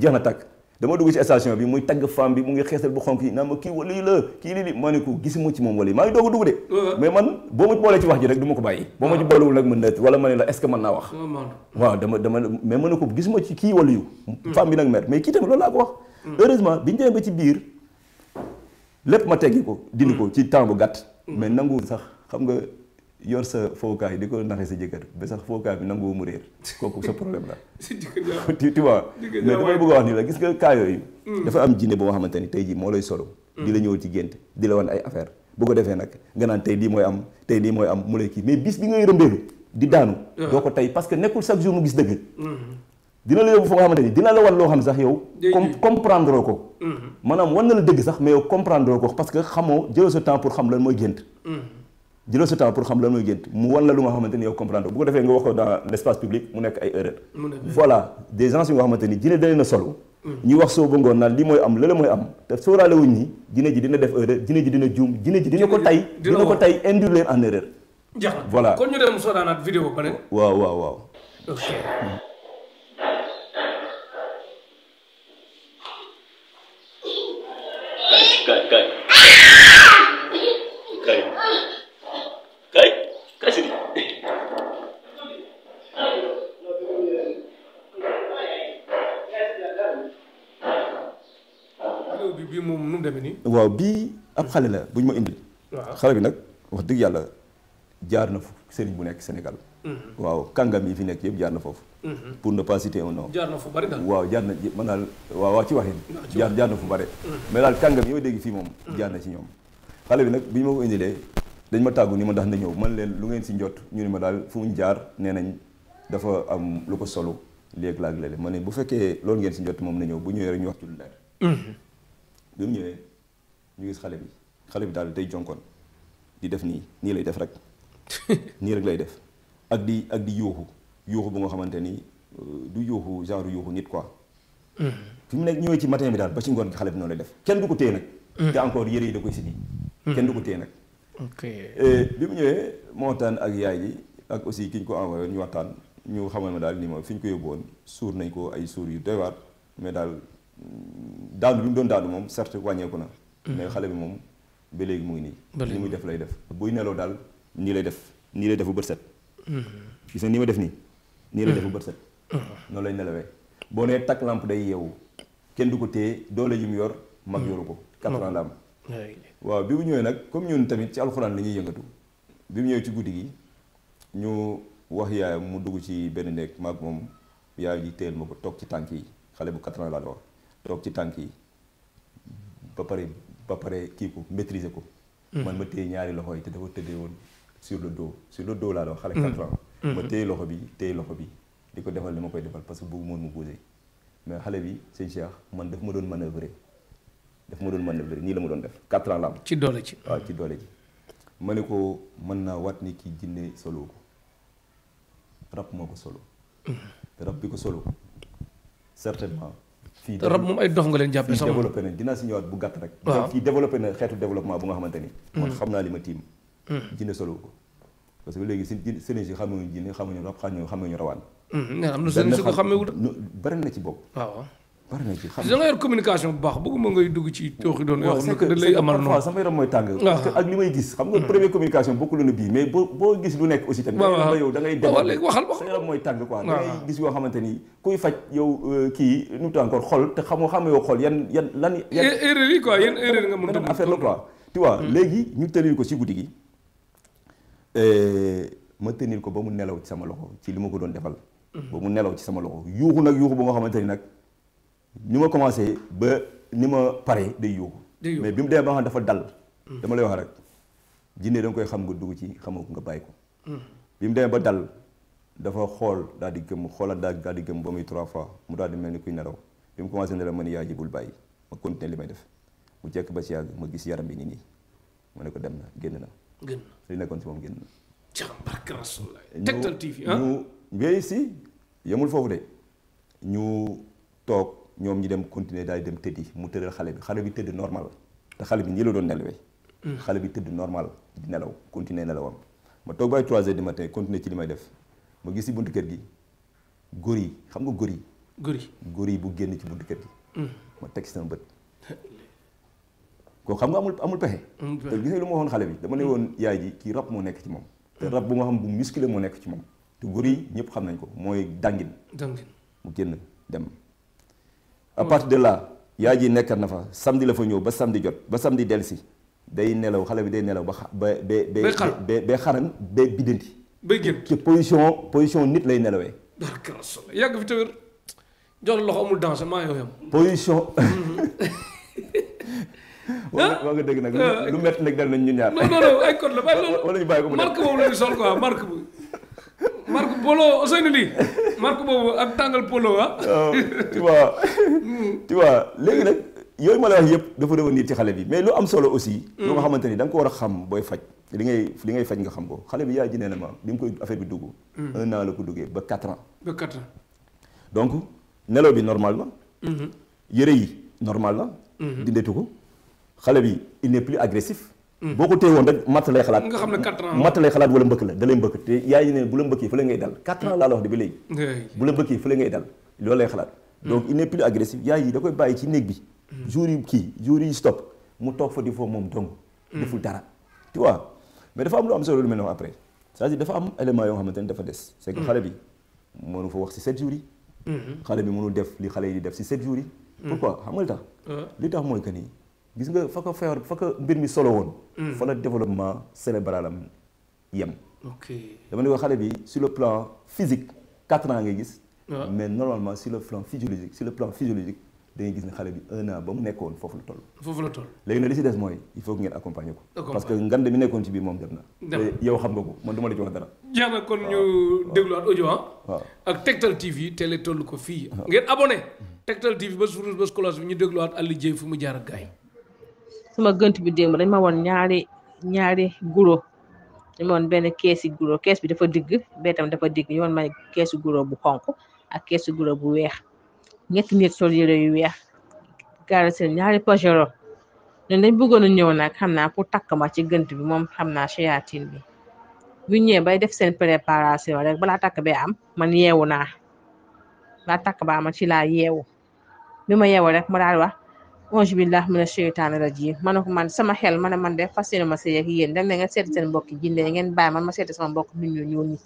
jeex na tàkk dama dugg ci station bi muy tagg femme bi mu ngi xeesal bu xonk yi naan ma kii wala yi la kii lii li ma ne ko gisuma ci moom wala yi maa ngi doog a dugg de mais man boo ma boolee ci wax ji rek du ma ko bàyyi boo ma ci ah. boolewul rek mën na wala ma ne la est-ce naa wax waaw dama dama mais ma ne ko gisuma ci kii wala yu hmm. femme bi nag mer mais kii tamit loolu laa ko wax hmm. heureusement biñu demee ba ci biir lépp ma teggi ko dindi ko hmm. ci temps gàtt mais nangu sax xam nga yor sa fowukaay di ko naxee sa jëkkër bi nangu mu réer kooku sa problème la tu mais damay bëgg a wax nii la gis nga cas yooyu mm. dafa am jinne mm. bu ko defee nag mooy am tey mooy am mu lay kii mais bis bi ngay rëmbeelu di daanu ah. doo ko tey parce que nekkul chaque jour mu gis dëgg mm-hmm. dina la yóbbu foo nga xamante dina la wan loo xam sax yow comprendre ko mm-hmm. maanaam wan na la dëgg sax mais comprendre ko parce que xamoo jëloo sa temps pour xam lan mooy gént mm-hmm. jëlal sa temps pour xam lan mooy gént mu wan la lu nga xamante ni yow comprendre bu ko defee nga wax ko dans l' espace public mu nekk ay erreur voilà des gens yu nga xamante ni jine dalee na solo mm. ñu wax soo bëggoon naan li mooy am lële mooy am te sóoraale wuñ ni jine ji dina def erreur jine ji dina juum jine ji dina ko tay dina ko tay induire leen en erreur jax voilà kon ñu dem sooraanaat vidéo waaw waaw bii moom nu waaw bii ab xale la bu ñu ma indil. waaw xale bi nag wax dëgg yàlla jaar na fu sëriñ bu nekk Sénégal. Mm-hmm. waaw kàngam yi fi nekk yëpp jaar na foofu. Mm-hmm. pour ne pas citer un nom. jaar na fu bari daal waaw jaar na mën naa waaw waaw ci waxin. jaar na fu bari. Mm-hmm. mais daal kàngam yi ma dégg fii moom. jaar na ci ñoom. xale bi nag bi ñu ma ko indilee dañ ma tàggu ni ma ndax na ñëw man leen lu ngeen si njot ñu ne ma daal fu mu jaar nee nañ dafa am lu ko solo léeg laag léeg ma ne bu fekkee loolu ngeen si njot moom na ñëw bu ñëwee ñu wax ci lu bi mu ñëwee ñu gis xale bi xale bi daal day jonkoon di def nii nii lay def rek nii rek lay def ak di ak di yuuxu yuuxu bu nga xamante ni euh, du yuuxu genre yuuxu nit ko hmm. fi mu nekk ñëwee ci matin bi daal ba ci ngoon gi xale bi noonu lay def kenn du ko téye nag. Hmm. te encore yére yi da koy sidi hmm. kenn du ko téye nag. ok euh, bi mu ñëwee moo waxtaan ak yaay ji ak aussi ki ñu ko envoyé ñu waxtaan ñu xamal ma daal ni ma fi ñu ko yóbbu suur nañ ko ay suur yu doy mais daal. daanu bi mu doon daanu moom certes wàññeeku na. Mm-hmm. mais xale bi moom ba léegi mu ngi nii. li muy def lay def buy nelaw daal nii lay def nii lay def bu bët set. Mm-hmm. gis nga nii ma def nii. nii lay def bu mm-hmm. bët set. noonu lay nelawee boo nee takk làmp day yeewu kenn du ko téye doole yi mu yor mag yoru ko. quatre ans la waaw bi mu ñëwee nag comme ñun tamit ci alxuraan la ñuy yëngatu bi mu ñëwee ci guddi gi ñu wax yaayam mu dugg ci benn néeg maag moom yaay ji téyel ma ko toog ci tànk yi xale bu quatre laa toog ci tànk yi ba pare ba pare kii ko maîtriser ko. Mm. man ma téye ñaari loxo yi te dafa tëddee woon sur le dos sur le dos laa la wax. xale mm. quatre ans. Mm. ma téye loxo bi téye loxo bi di ko defal li ma koy defal parce que bëggu moon mu bougé mais xale bi sëñ Cheikh man daf ma doon manoeuvrer daf ma doon manoeuvrer nii la ma doon def quatre ans la am. ci doole ci waaw ci doole ji. ma ne ko mën naa waat ni kii jinne solo ko rab moo ko solo. rab bi ko solo certainement. fii te rab moom ay dof nga leen jàppee sax développé na si ñëwaat bu gàtt rek waaw fii développé na xeetu développement bu nga xamante ni mm. man xam naa li ma tiim mm. jinne solo ko parce que léegi si sëriñ si xamuñu jinne xamuñu rab xamuñu xamuñu rawaan mm. nee am na sëriñ si ko xamee wut bari na ci bopp waaw pare na ci xam yor communication bu baax bëgguma ngay dugg ci tooxi doon yoo xam ne dañ lay amal sama yaram mooy tàng ah. parce ak li may gis xam nga hmm. première communication bokku lu na bii mais boo boo gis lu nekk aussi tamit la yow da ngay dem waxal sa yaram mooy tàng quoi da gis yoo xamante ni kuy faj yow euh, kii nu ta encore xol te xamoo xame yow xol yan yan lan eh, erreur yi quoi yan a affaire la quoi tu vois hmm. léegi ñu tenir ko si guddi gi euh, ma ko ba mu nelaw ci sama loxo ci li ma ko doon defal hmm. ba mu nelaw ci sama loxo yuuxu nag yuuxu bu nga xamante ni nag ni ma commencé ba ni ma pare day yóbbu. mais bi mu demee ba xam dafa dal. dama lay wax rek jinne da koy xam nga dugg ci xamoo nga bàyyi ko. Hmm. bi mu demee ba dal dafa xool daal di gëm xoolal daal di gëm ba muy trois fois mu daal di mel ni kuy nelaw bi mu commencé ne la ma ni yaa jibul bàyyi ma continuer li may def mu jekk ba si yàgg ma gis yaram bi ngi nii ma ne ko dem na génn na. li nekkoon si moom génn na. jàmm barke Rasulullah. Tektal TV ah? ñu si yemul foofu de ñu toog. ñoom ñi dem continuer daay dem tëddi mu tëddal xale bi xale bi tëdd normal te xale bi nii la doon nelawee hmm. xale bi tëdd normal di nelaw continuer nelawam ma toog baay trois heures du matin continuer ci li may def ma gis ci buntu kër gi góor yi xam nga góor yi góor yi bu génn ci buntu kër gi hmm. ma teg ci bët kooku xam nga amul amul pexe te gisee lu ma woon xale bi dama ne woon yaay ji kii rab moo nekk ci moom te hmm. rab bu ma xam bu musculé moo nekk ci moom te yi ñëpp xam nañ ko mooy dàngin mu génn dem à partir de là yaay ji nekkat na fa samdi la fa ñëw ba samedi jot ba samedi delsi day nelaw xale bi day nelaw ba ba ba ba xaran ba biddanti bay génn ci position position nit lay nelawee yàgg fi tawér jox loxo amul danger maa yow yam mm-hmm. ah? waa nga dégg nag lu ah. metti nag dal nañ ñu ñaar ko mu marque boobu marque polo Ousseynou lii marque boobu ak tàngal polo ah. Oh, tu vois tu léegi nag yooyu ma la wax yëpp dafa revenir ci xale bi mais lu am solo aussi. loo nga xamante ni da ko war a xam booy faj. li ngay li ngay faj nga xam ko xale bi yaay ji nee na ma bi mu koy affaire bi dugg. Hmm. un an la ko duggee ba quatre ans. ba quatre nelaw bi normal na. Hmm. yëre yi normal na. Hmm. dindetu ko xale bi il n'est plus agressif. Hmm. boo ko téye woon rek matt lay xalaat nga xam ne 4 ans matt lay xalaat wala mbëkk la da mbëkk te yaa ne bu la mbëkkee fa la hmm. ngay dal loolu lay xalaat hmm. donc il n'est plus agressif yaay yi da koy bàyyi ci néeg bi jour yi kii jour yi stop mu toog fa di foofu moom dong deful dara tu vois mais dafa am lu am solo lu mel noonu après cest à dafa am élément yoo xamante ne dafa des c'est xale bi mënu fa wax si 7 jours xale bi mënul def li xale yi di def si 7 jours yi pourquoi euh. ni gis nga fa ko feebar fa mbir mi solo woon. Mm. fa la développement cérébral am yem. ok dama ne xale bi sur le plan physique quatre ans ngay gis. mais normalement sur le plan physiologique sur le plan physiologique da ngay gis ne xale bi un an ba mu nekkoon foofu la toll. foofu la toll léegi nag li si des mooy il faut que ngeen accompagner ko. parce que ngand mi nekkoon ci biir moom dem na. yow xam nga ko man du ma la ci wax dara. jeex na kon ñu dégluwaat audio ah. ak Tektal ko fii. ngeen abonné Tektal ba su ba bi ñu dégluwaat Aliou Dieye fu mu jaar ak gars sama gënt bi démb dañ ma woon ñaari ñaari guro dañ ma woon benn keesi guro kees bi dafa digg bee tam dafa digg ñu woon ma keesi guro bu xonk ak keesi guro bu weex ñetti nit sol yére yu weex gaari seen ñaari pajero ñun dañ bëggoon a ñëw nag xam naa pour takk ma ci gënt bi moom xam naa shayatin bi bu ñëwee bay def seen préparation rek balaa takk bee am man yeew naa balaa takk ba am ci laa yeewu bi ma yeewu rek ma daal wax ange billah mina cheytaani rajim ma ne ko man sama xel ma ne man de fas yéene ma sëy ak yéen dem na ngeen seeti seen mbokki jinne ngeen bàyyi man ma seeti sama mbokk nit ñu ñuul ñi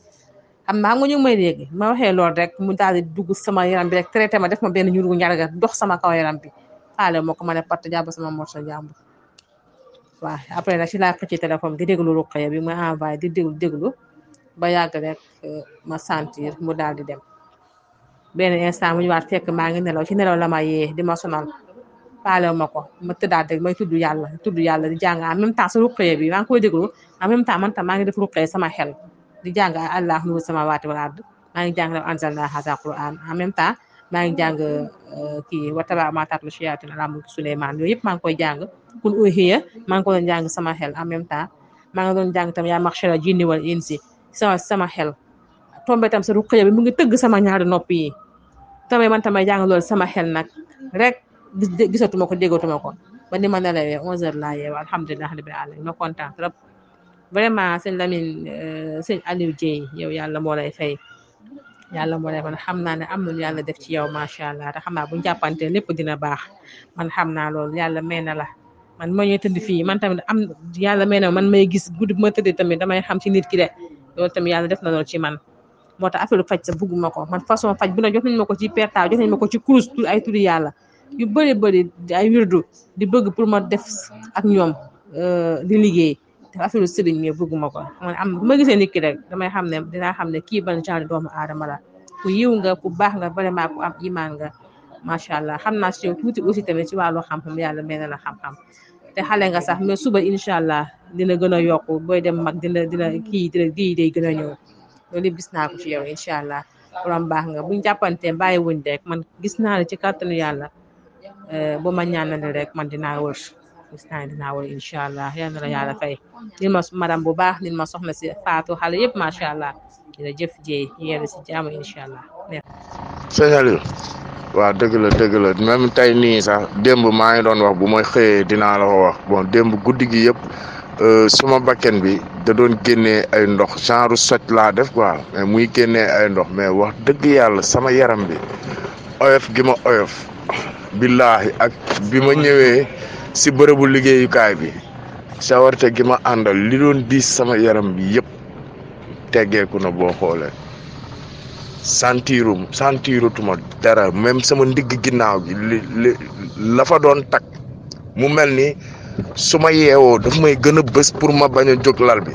xam na xam nga ñu ngi may dégg ma waxee loolu rek mu daal di dugg sama yaram bi rek traité ma def ma benn ñurugu njarga dox sama kaw yaram bi xaale moo ko ma ne patt jàpp sama morso jàmbur waaw après nag ci laa xëcc téléphone di déglu ruqaya bi ma envoyé di déglu déglu ba yàgg rek euh, ma sentir mu daal di dem benn instant mu ñëwaat fekk maa ngi nelaw ci nelaw la ma yee di ma sonal faalew ma ko ma tëddaat rek may tudd yàlla tudd yàlla di jàng en même temps sa ruqee bi maa ngi koy déglu en même temps man tam maa a def ruqee sama xel di jàng jàng law anzalna haza quran en même temps jàng euh, kii wataba ma tatlu ngi koy jàng kun uhiya maa ko doon jàng sama xel en même temps maa ngi doon jàng tam yaa maxshara jinni wal insi sama xel tombé tam sa ruqee bi mu ngi tëgg sama ñaari nopp yi tamit man tamay jàng loolu sama xel nag gisatuma ko déggatuma ko ba ni ma a onze heures laa yeew alhamdulilah rabbil alamin ma kontaan trop vraiment sëñ Lamine euh, sëñ Aliou Dieye yow yàlla moo lay fay yàlla moo lay fay xam naa ne am na lu yàlla ci yow macha allah te xam naa bu jàppante lépp dina baax man xam naa loolu yàlla may na la man moo ñuy tëdd fii man tamit am yàlla may na man may gis guddi ma tëddee tamit damay xam ci nit ki de loolu tamit yàlla def na loolu ci man. moo ta affaire faj sa bugguma ko man façon faj bu ne jox nañ ma ko ci perta jox nañ ma ci kurus tur ay turi yu bëri bëri ay wirdu di bëgg pour ma def ak ñoom euh, di liggéey te affaire sëriñ mi bëgguma ko man am bu ma gisee nit ki rek damay xam ne dinaa xam ne kii ban genre doomu aadama la ku yiw nga ku baax nga vraiment ku am nga macha allah xam naa si yow tuuti aussi tamit ci wàllu xam-xam yàlla mel na la xam-xam te xale nga sax mais suba incha allah dina gën a yokku booy dem mag dina dina kii dina kii day gën a ñëw loolu gis naa ko ci yow incha allah borom baax nga buñ jàppante bàyyi wuñ dek man gis naa ne ci kàttanu yàlla Eh, bu ma ñaanale rek man dina wër gis allah yal na la yàlla fay ma madam bu baax nil ma soxna si faatu xale yëpp macha allah dina jëf jéey yéen si jaamu incha allah sëñ Aliou tey nii démb maa ngi doon wax bu dinaa la wax démb guddi gi yëpp euh, suma bakken bi da doon génnee ndox genre socc laa def quoi mais muy génnee ay ndox mais wax dëgg yàlla sama yaram bi oyof gi ma oyof billaahi ak bi ma ñëwee si bërëbu liggéeyukaay bi sawarte gi ma àndal li doon diis sama yaram bi yëpp teggeeku na boo xoolee santiirum santiirutuma dara même sama ndigg ginnaaw gi la fa doon takk mu mel ni su ma yeewoo daf may gën a bës pour ma bañ a jóg lal bi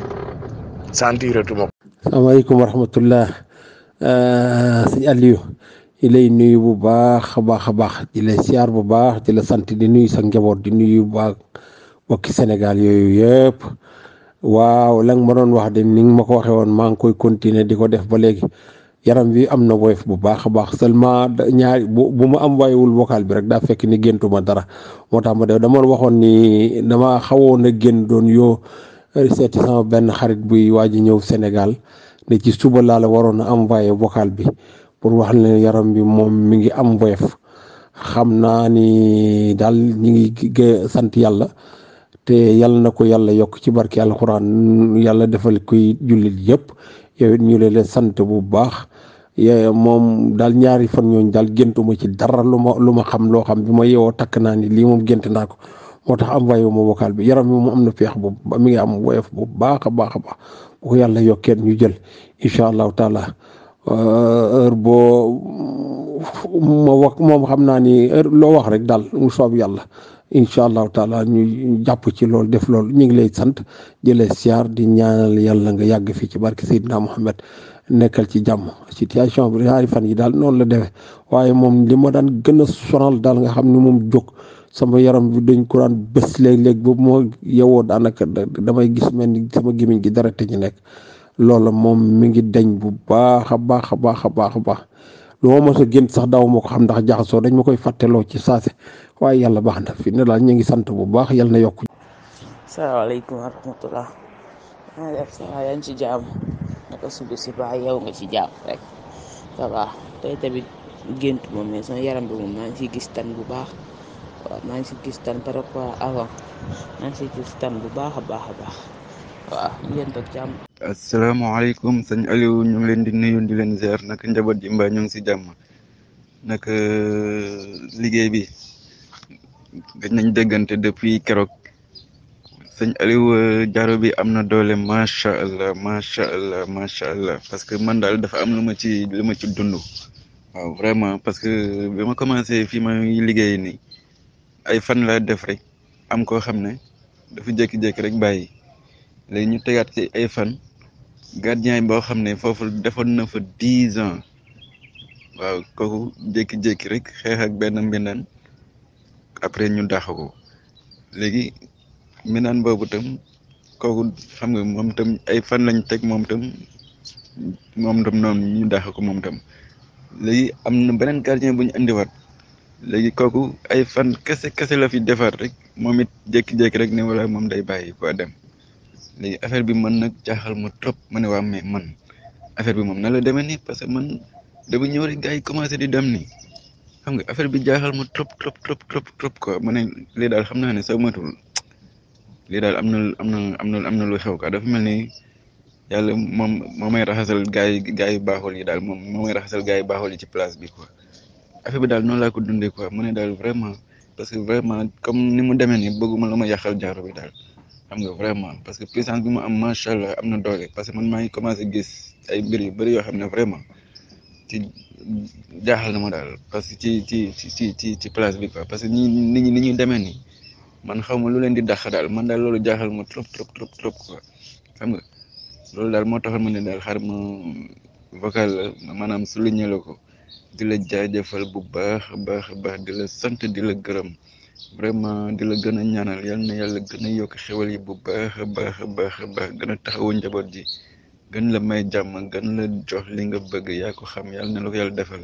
santiiratuma ko. asalaamaaleykum wa rahmatullah euh, sëñ di lay nuyu bu baax a baax a baax di la siyaar bu baax di la sant di nuyu sa njaboot di nuyu baax mbokki Sénégal yooyu yëpp waaw la ma doon wax de ni nga ma ko waxee woon maa ngi koy continuer di ko def ba léegi yaram wi am na woyof bu baax a baax seulement ñaari bu bu ma am waayewul vocal bi rek daa fekk ni géntuma dara moo tax ma de dama waxoon nii dama xawoon a génn doon yoo euh, seeti sama benn xarit buy waaj a ñëw Sénégal ne ci suba laa la waroon a envoyé vocal bi. pour wax ne yaram bi moom mi ngi am woyof xam naa ni daal ñu ngi sant yàlla te yàlla na ko yàlla yokk ci barke alxuraan yàlla defal koy jullit yëpp yow it ñu leen sant bu baax moom daal ñaari fan ñooñu daal géntuma ci dara lu ma lu ma xam loo xam bi ma yeewoo takk naa ni lii moom gént naa ko moo tax envoyé wu ma vocal bi yaram bi mu am na feex bu mi ngi am woyof bu baax a baax a baax bu ko yàlla yokkee ñu jël incha allahu taala Euh, heure boo moo wax moom xam naa ni loo wax rek daal mu soob yàlla incha allahu taala ñu jàpp ci loolu def lool ñu ngi lay sant jële siyaar di ñaanal yàlla nga yàgg fii ci barke Seydina Mohamed nekkal ci jàmm situation bi ñaari fan yi daal noonu la demee waaye moom li ma daan gën a sonal daal nga xam ni moom jóg sama yaram bi dañ ko daan bés léeg-léeg boobu moo yewoo daanaka damay gis mel ni sama gémmiñ gi dara te ñu nekk loola moom mi ngi dañ bu baax a baax a baax a baax a baax lu ma mos a gént sax daaw ma ko xam ndax jaxasoo dañ ma koy fàtteloo ci saase waaye yàlla baax na fii ne daal ñu ngi sant bu baax yàlla na yokk. salaamaaleykum ci jàmm nga ci jàmm rek ça va tey tamit gént moom mais sama yaram bi moom maa ngi ciy gis tan bu baax maa ngi ciy gis tan par maa ngi ciy gis tan bu baax a baax a baax. waaw yéen toog jàmm. asalaamaaleykum sëñ Aliou ñu ngi leen di nuyu di leen ziar naka njaboot ji mbaa ñu ngi si jàmm naka euh, liggéey bi gëj nañ déggante depuis keroog sëñ Aliou euh, jaaro bi am na doole macha allah macha allah macha allah parce que man daal dafa am lu ma ci lu ma ci dund waaw vraiment parce que bi ma commencé fii ma liggéey nii ay fan laa def rek am koo xam ne dafa jékki-jékki rek bàyyi. léegi ñu tegaat ci ay fan gardien yi boo xam ne foofu defoon na fa dix ans waaw kooku jékki-jékki rek xeex ak benn mbindaan après ñu dàq ko léegi mbindaan boobu tam kooku xam nga moom tam ay fan lañ teg moom tam moom tam noonu ñu dàq ko moom tam léegi am na beneen gardien bu ñu indiwaat léegi kooku ay fan kese kese la fi defar rek moom it jékki rek ne wala moom day bàyyi ba dem. léegi affaire bi man nag jaaxal ma trop mane ne waa mais man affaire bi moom na la demee nii parce que man dama ñëw rek commencé di dem nii xam affaire bi jaaxal ma trop trop trop trop trop quoi ma ne lii daal xam naa ne soo matul lii daal am na am na am na am na lu xew quoi dafa mel ni yàlla moom moo may raxasal gars yi gars yi baaxul yi moom moo may raxasal gars yi baaxul yi ci place bi quoi affaire bi daal noonu laa dundee quoi ma ne daal vraiment parce que vraiment comme ni mu demee nii bëgguma la ma yàqal jaaro bi daal. xam nga vraiment parce que puissance bi mu am macha allah am na doole parce que man maa ngi commencé gis ay mbir yu bëri yoo xam ne vraiment ci jaaxal na ma daal parce que ci ci ci ci ci place bi quoi parce que ñi ni ñi ni ñuy demee nii man xaw ma lu leen di dàq daal man daal loolu jaaxal ma trop trop trop trop quoi xam nga loolu daal moo taxal ma ne daal xar ma vocal la maanaam souligné la ko di la jaajëfal bu baax baax baax di la sant di la gërëm. vraiment di la gën a ñaanal yal na yàlla gën a yokk xewal yi bu baax a baax a baax gën a taxawu njaboot ji gën la may jàmm gën la jox li nga bëgg yaa ko xam yal na la ko yàlla defal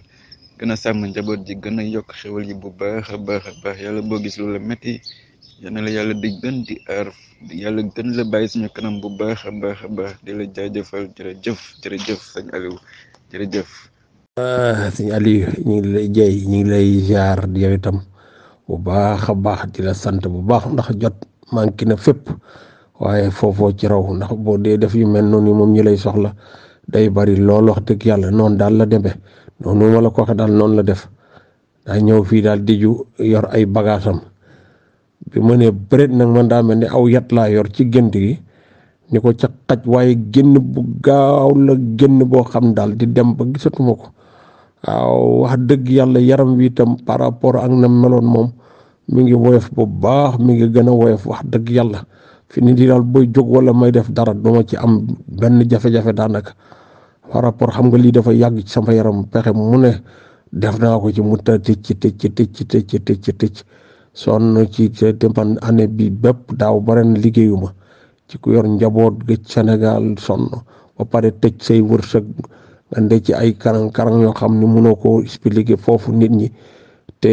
gën a sàmm njaboot ji gën a yokk xewal yi bu baax a baax a baax yàlla boo gis lu la metti yal na la yàlla di gën di aar yàlla gën la bàyyi suñu kanam bu baax a baax a baax di la jaajëfal jërëjëf jëf sëñ Aliou jërëjëf. Ah, sëñ Aliou ñu ngi lay jaay ñu ngi lay jaar yow itam. bu baax a baax di la sant bu baax ndax jot manqué na fépp waaye foofoo ci raw ndax boo dee def yu mel noonu moom ñi lay soxla day bari lool wax dëgg yàlla noonu daal la demee noonu ma la ko waxee daal noonu la def daa ñëw fii daal di ju yor ay bagaasam bi ma nee bëreet nag man daa mel ni aw yat laa yor ci gént gi ni ko ca xaj waaye génn bu gaaw la génn boo xam daal di dem ba gisatuma ko waaw wax dëgg yàlla yaram wi itam par rapport ak na meloon moom mi ngi woyof bu baax mi ngi gën a woyof wax dëgg yàlla fi ni di daal booy jóg wala may def dara duma ci am benn jafe-jafe daanaka par rapport xam nga lii dafa yàgg ci sama yaram pexe mu ne def naa ko ci mu tëj ci tëj ci tëj ci tëj ci tëj ci tëj sonn ci démpan année bi bépp daaw ba ren liggéeyuma ci ku yor njaboot gëj Sénégal sonn ba pare tëj say wërsëg ande ci ay karang karang yoo xam ne mënoo koo expliquer foofu nit ñi te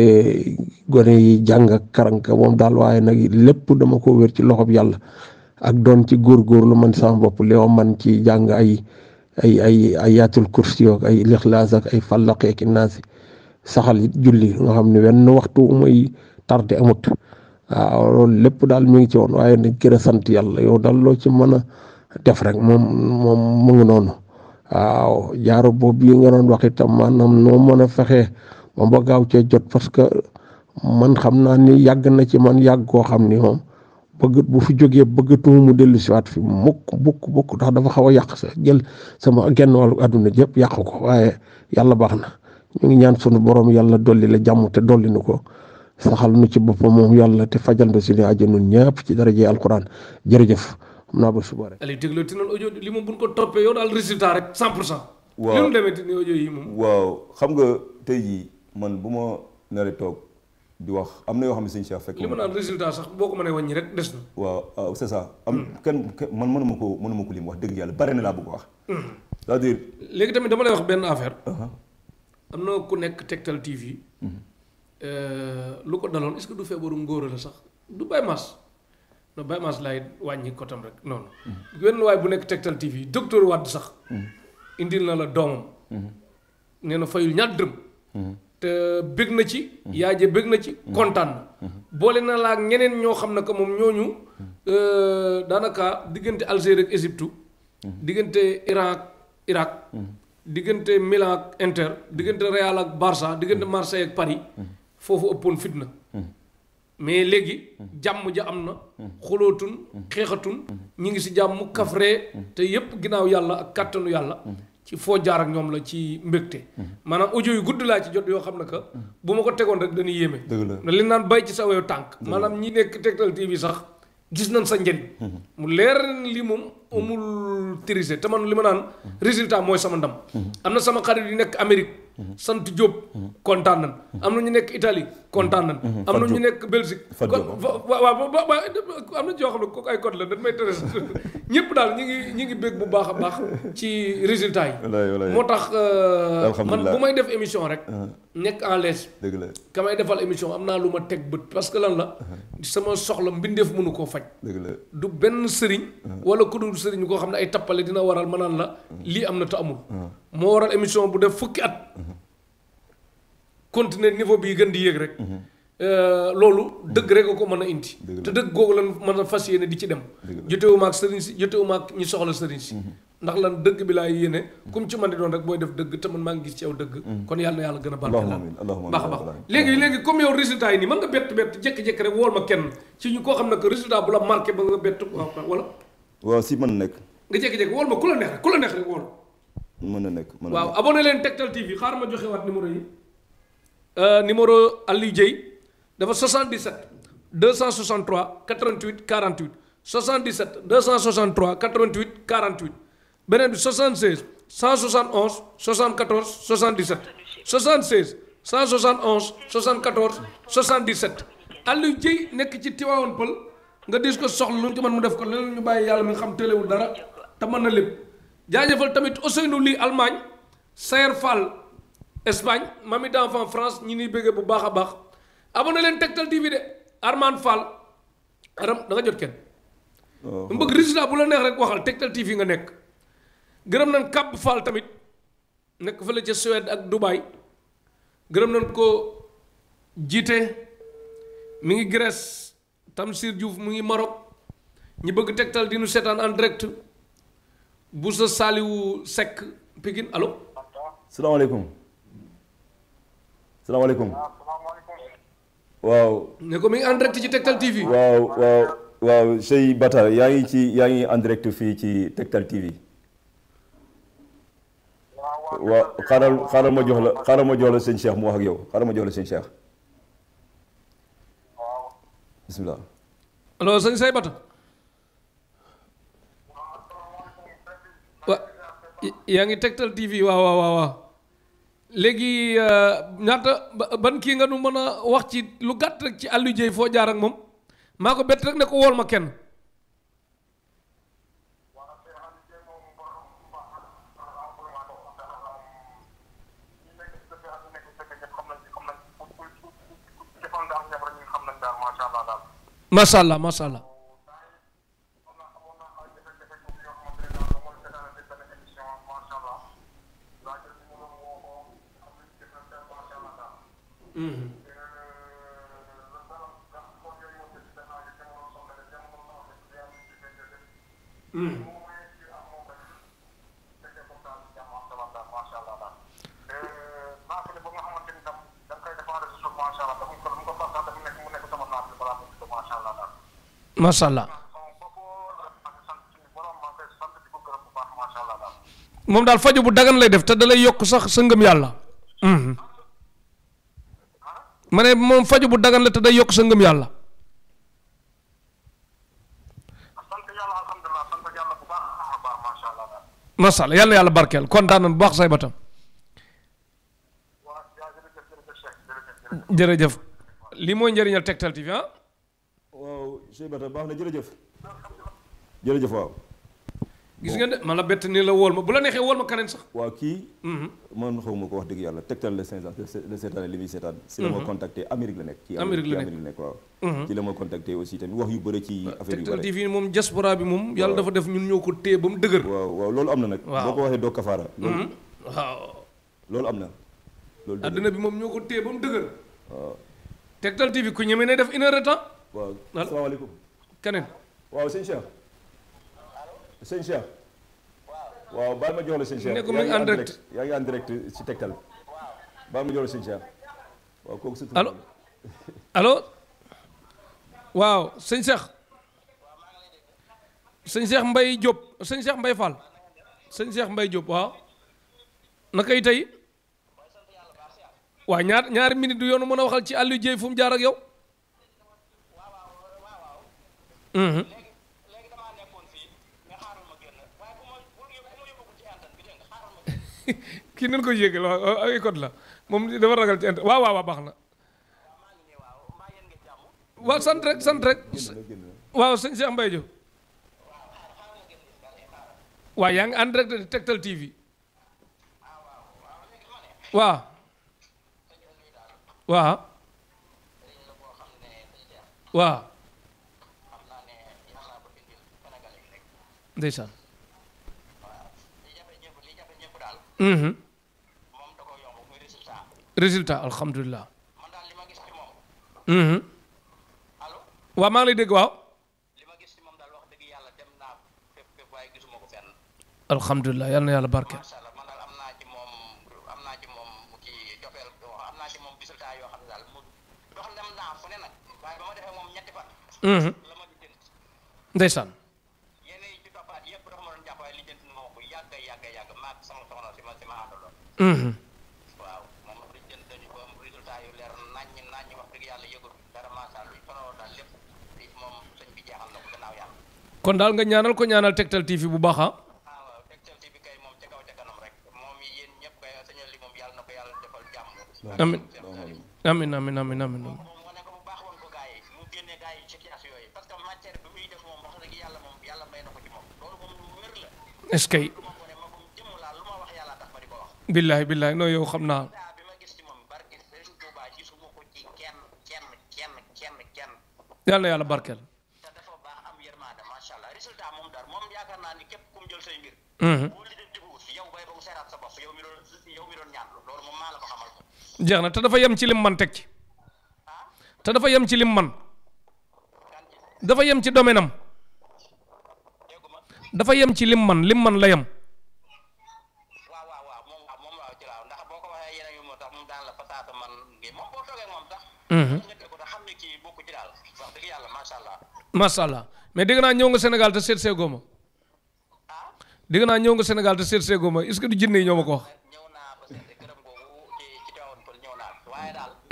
gone yi jàng ak karang ka moom daal waaye nag lépp dama ko wér ci loxob yàlla ak doon ci góorgóorlu man sama bopp li man ci jàng ay ay ay ayatul kursi ak ay lixlaas ak ay fallaqi ak naasi saxal it julli nga xam ne wenn waxtu mooy tardé amut loolu lépp daal mi ngi ci woon waaye nag gërë sant yàlla yow daal loo ci mën a def rek moom moom mu ngi noonu waaw jaaro boobu yi nga doon wax itam maanaam noo mën a fexe moom ba gaaw cee jot parce que man xam naa ni yàgg na ci man yàgg koo xam ni moom bëgg bu fi jógee bëggatuma mu dellu siwaat fi mukk bukk bukk ndax dafa xaw a yàq sa jël sama genn wàllu àdduna jëpp yàq ko waaye yàlla baax na ñu ngi ñaan sunu borom yàlla dolli la jàmm te dolli nu ko saxal nu ci boppam moom yàlla te fajal na si ne nun ñëpp ci daraje alquran jërëjëf mun naa li bu ko toppee yow daal yi moom. waaw tey jii man bu ma naree toog di wax am na yoo xam ne sëñ Cheikh fekk. li ma naan résultat sax boo ko mënee wàññi rek des na. waaw ah, c'est ça. Hmm. ko mënuma ko lim wax dëgg yàlla bare na laa bëgg wax. Hmm. c'est-à-dire. léegi tamit dama lay wax benn affaire. Uh-huh. am na ku nekk Tektal TV. Hmm. Euh, lu ko daloon est-ce que du feebaru ngóor la sax du bay mas no Baye Mass laay wàññi kotam rek noonu. Mm. wenn waay bu nekk Tektal TV docteur Wade sax. Mm. indi na la doomam. Mm-hmm. nee na fayul ñaar dërëm. Mm-hmm. te bég na ci. Mm-hmm. yaay je bég na ci kontaan na. boole na laa ngeneen ñoo xam na que moom ñooñu euh, daanaka diggante Algérie ak Égypte. diggante Iran ak Irak. diggante Milan ak Inter diggante Real ak Barça diggante Marseille ak Paris. foofu ëppoon fitna. mais léegi jàmm ja am na xolootun xeexatun ñi ngi si jàmm kafree te yépp ginnaaw yàlla ak kàttanu yàlla ci foo jaar ak ñoom la ci mbégte maanaam audio yu gudd laa ci jot yoo xam ne que bu ma ko tegoon rek dañuy yéeme li naan bay ci sa wew tànk maanaam ñi nekk Tektal TV sax gis nañ sa njëriñ mu leer li moom amul tirise te man li ma naan résultat mooy sama ndam am na sama xarit yu nekk Amérique sant Diop kontaan nan am na ñu nekk Italie kontaan nan mm-hmm. am na ñu nekk Belgique ba waaw am na joo xam ne kooku ay code la dañ may tere ñëpp daal ñi ngi ñi ngi bég bu baax a baax ci résultat yi moo tax euh, man bu may def émission rek uh-huh. nekk en l'aise dëgg la kamay defal émission am naa lu ma teg bët parce que lan la uh-huh. sama soxla mbindeef mënu koo faj dëgg la du benn sëriñ uh-huh. wala ku dul sëriñ koo xam ne ay tappale dina waral ma naan la uh-huh. lii am na te amul moo waral émission bu def fukki at continuer niveau bii gën di yéeg rek euh, loolu dëgg rek a ko mën a indi te dëgg googu lan mën a fas yéene di ci dem jotewuma ak sëriñ si jotewuma ak ñi soxla sëriñ si ndax lan dëgg bi laay yéene comme ci man di doon rek booy def dëgg te man maa ngi gis ci yow dëgg mm. kon yàlla yàlla gën a barke la baax a baax léegi léegi comme yow résultat yi nii mën nga bett bett jékki-jékki rek wool ma kenn ne que résultat bu la marqué nga bett nga jékki ku la neex rek ku la neex rek wool mën na nekk waaw abonné leen xaar ma joxe waat numéro yi euh, numéro Aliou dafa 77 263 88 48 77 263 beneen bi 76 171 74 77 76 171 74 77 Aliou Dieye nekk ci Tivaouane Pël nga dis ko soxla lu ñu mu def ko leneen ñu bàyyi yàlla mi nga xam téléwul dara te mën na lépp jaajëfal tamit Ousseynou Ly Allemagne Sayer Fall Espagne Mamy d'enfant France ñi niy bëggee bu baax a baax abonné leen Tektal TV de Armane Fall aram da nga jot kenn oh. mu bëgg résultat bu la neex rek waxal Tektal TV nga nekk gërëm nañ kàbb Fall tamit nekk fële ca Suède ak Dubaï gërëm nañ ko jiite mi ngi tam Tamsir Diouf mu ngi Maroc ñi bëgg tegtal di nu seetaan en direct Boussa Saliou Seck Pikine allo. salaamaaleykum. salaamaaleykum. Ah, waaw. ne ko mi ngi en direct ci Tektal TV. waaw waaw waaw Cheikh Bata yaa ngi ci yaa ngi en direct fii ci Tektal TV. waa xaaral xaaral ma jox la xaaral ma jox la sëñ seex mu wax ak yow xaaral ma jox la sëñ Cheikh bisimilah. allo sëñ Saybata. wa yaa ngi Tektal TV waaw waaw waaw léegi euh, ñaata ban kii nga nu mën a wax ci lu gàtt rek ci Aliou foo jaar ak moom maa ko bett rek ne ko wool ma kenn. macha allah mm-hmm. Mm-hmm. macha moom daal faju bu dagan lay def te da lay yokk sax sa ngëm yàlla. Mhm. ma moom faju bu dagan la te day yokk sa ngëm yàlla. macha allah yàlla barkeel kontaan nañu bu baax say batam. jërëjëf li mooy njëriñal Tektal TV ah? waaw sëñ Bata baax na jërëjëf. jërëjëf waaw. gis nga de man la bett nii la wool ma bu la neexee wool ma keneen sax. waaw kii. Mhm. man xaw ma ko wax dëgg yàlla tegtal la cinq ans le seetaan li muy seetaan. si la ma mhm. contacté Amérique la nekk. ci Amérique la nekk waaw. Mhm. ci la ma contacté aussi tamit wax yu bëri ci affaire yu bëri. tegtal TV moom diaspora bi moom. yàlla dafa def ñun ñoo ko téye ba mu dëgër. waaw waaw loolu am na nag. waaw boo ko waxee doo kafaara. loolu waaw. loolu am na. loolu dëgg adduna bi moom ñoo ko téye ba mu dëgër. waaw. tegtal TV ku ñeme ne def une heure de temps waaw asalaamaaleykum. keneen. waaw sëñ Cheikh. sëñ Cheikh. waaw baal ma jox la sëñ Cheikh. nekkul mu ngi en direct yaa ngi waaw sëñ Cheikh. sëñ Cheikh Mbaye Diop sëñ Cheikh Mbaye sëñ Cheikh Mbaye Diop waaw. naka yi tey. waaw ñaar ñaari minute du yoonu mën a waxal ci Aliou Dieye jaar ak yow. Mm-hmm. kii nañ ko yéegal waaw ay code la moom dafa ragal ci inter waaw waaw baax na waaw sant rek sant rek waaw sëñ Cheikh Mbaye Diop waaw yaa ngi ànd rek TV waaw waaw ndeysaan. moom da koo muy résultat. résultat alhamdulilah. man daal li ma gis ci moom. allo. waaw maa lay dégg waaw. li ma gis ci moom daal wax dëgg yàlla dem naa fépp fépp waaye gisuma ko fenn. alhamdulilah yal na yàlla barke. moom ñetti fan. la ma ndeysaan. yàgg yàgg yàgg maag sama soxna si ma si ma àndaloon mm-hmm. waaw moom wax dëgg jënd dañu ko am résultat yu leer naññ naññ wax dëgg yàlla yëgul dara macha allah sonaloon daal lépp si moom sëñ bi jeexal na ko gannaaw yàlla kon daal nga ñaanal ko ñaanal Tektal TV bu baax ah, ah amin amin amin amin amin est-ce que billahi billahi non yow xam naa. yàlla na yàlla barkeel. Mhm. jeex na te dafa yem ci lim man teg dafa yem ci lim man dafa yem ci domaine dafa yem ci lim man lim man la yem. Mhm. macha allah mais dégg naa ñëw nga Sénégal te seet see góoma dégg naa ñëw nga Sénégal te seet see góoma est-ce que du jinne yi ñoo ma ko wax.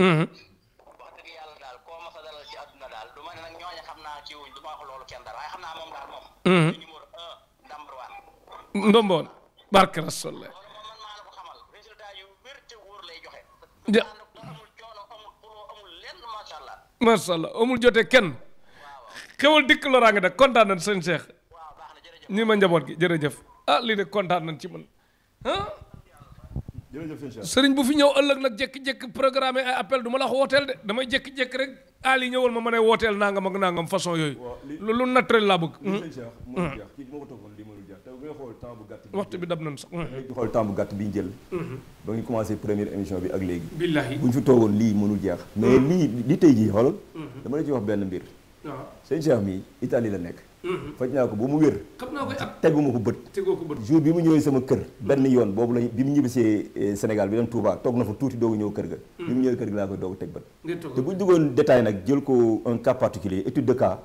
Mhm. Mhm. ndomboon barke rasul la. ja macha allah amul jotee kenn xewal dikk loraange nag kontaan nañ sëñ Cheikh ñi ma njaboot gi jërëjëf ah lii de kontaan nañ ci man sëriñ bu fi ñëw ëllëg nag jékki-jékki programme ay appel du ma la wax wooteel de damay jékki-jékki rek Ali ñëwal ma ma ne wooteel nangam ak nangam façon yooyu. lu lu naturel laa bëgg. temps bu gàtt bi dab nañ sax ñu xool temps bu gàtt jël mhm. ba ñu commencé première émission bi ak léegi billaahi bu ñu fi toogoon lii jeex mais mhm. lii li tey jii xoolal mhm. dama la ci wax benn mbir waaw ah. sëñ mi Italie la nekk faj naa ko ba mu wér xam naa ko bët tegoo bi mu ñëwee sama kër benn yoon boobu la bi mu ñibbisee eh, Sénégal bi dem toog na fa tuuti doogu ñëw kër ga kër ga laa koy doogu teg bët te bu ñu duggoon détail nag jël ko un cas particulier étude de cas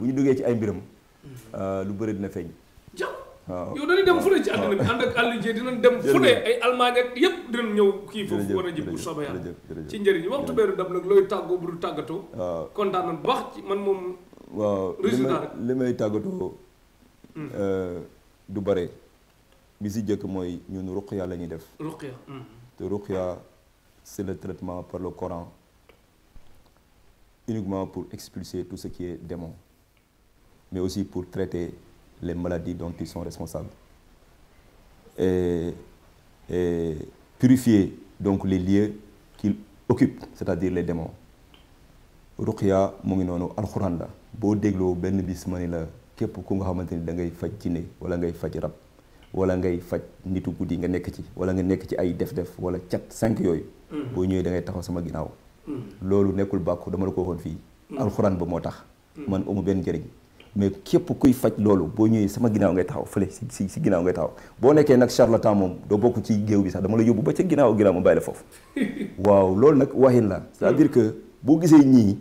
bu ñu duggee ci ay mbiram euh, lu bëri dina feeñ waaw yow dañuy dem fu ne ci àddina bi dinañ dem fu ne ñëw kii foofu war a jib bu soobee yàlla ci njëriñ waxtu beeru dam nag looy tàggoo bu du tàggatoo kontaan na baax ci man moom waaw li may tàggatoo hmm. euh, du bare bi si jëkk mooy ñun ruqya la ñuy def ruqya hmm. te ruqya c'est le traitement par le Coran uniquement pour expulser tout ce qui est démon mais aussi pour traiter les maladies dont ils sont responsables. Et, et purifier donc les lieux qu'ils occupent, c'est-à-dire les démons. ruqya mu ngi noonu alxuraan la boo dégloo benn bis ma ni la képp ku nga xamante ni da ngay faj jinne wala ngay faj rab wala ngay faj nitu guddi nga nekk ci wala nga nekk ci ay def-def wala cat cinq yooyu mm. boo ñëwee da ngay taxaw sama ginnaaw mm. loolu nekkul bàkku dama la ko waxoon fii mm. alxuraan ba moo tax man amu benn njëriñ mais képp kuy faj loolu boo ñëwee sama ginnaaw ngay taxaw fële si si si ginnaaw ngay taxaw boo nekkee nag charlatan moom doo bokk ci géew bi sax dama la yóbbu ba ca ginnaaw ginnaaw ma bàyyi la foofu waaw loolu nag waxin la c'est-à-dire que boo gisee ñii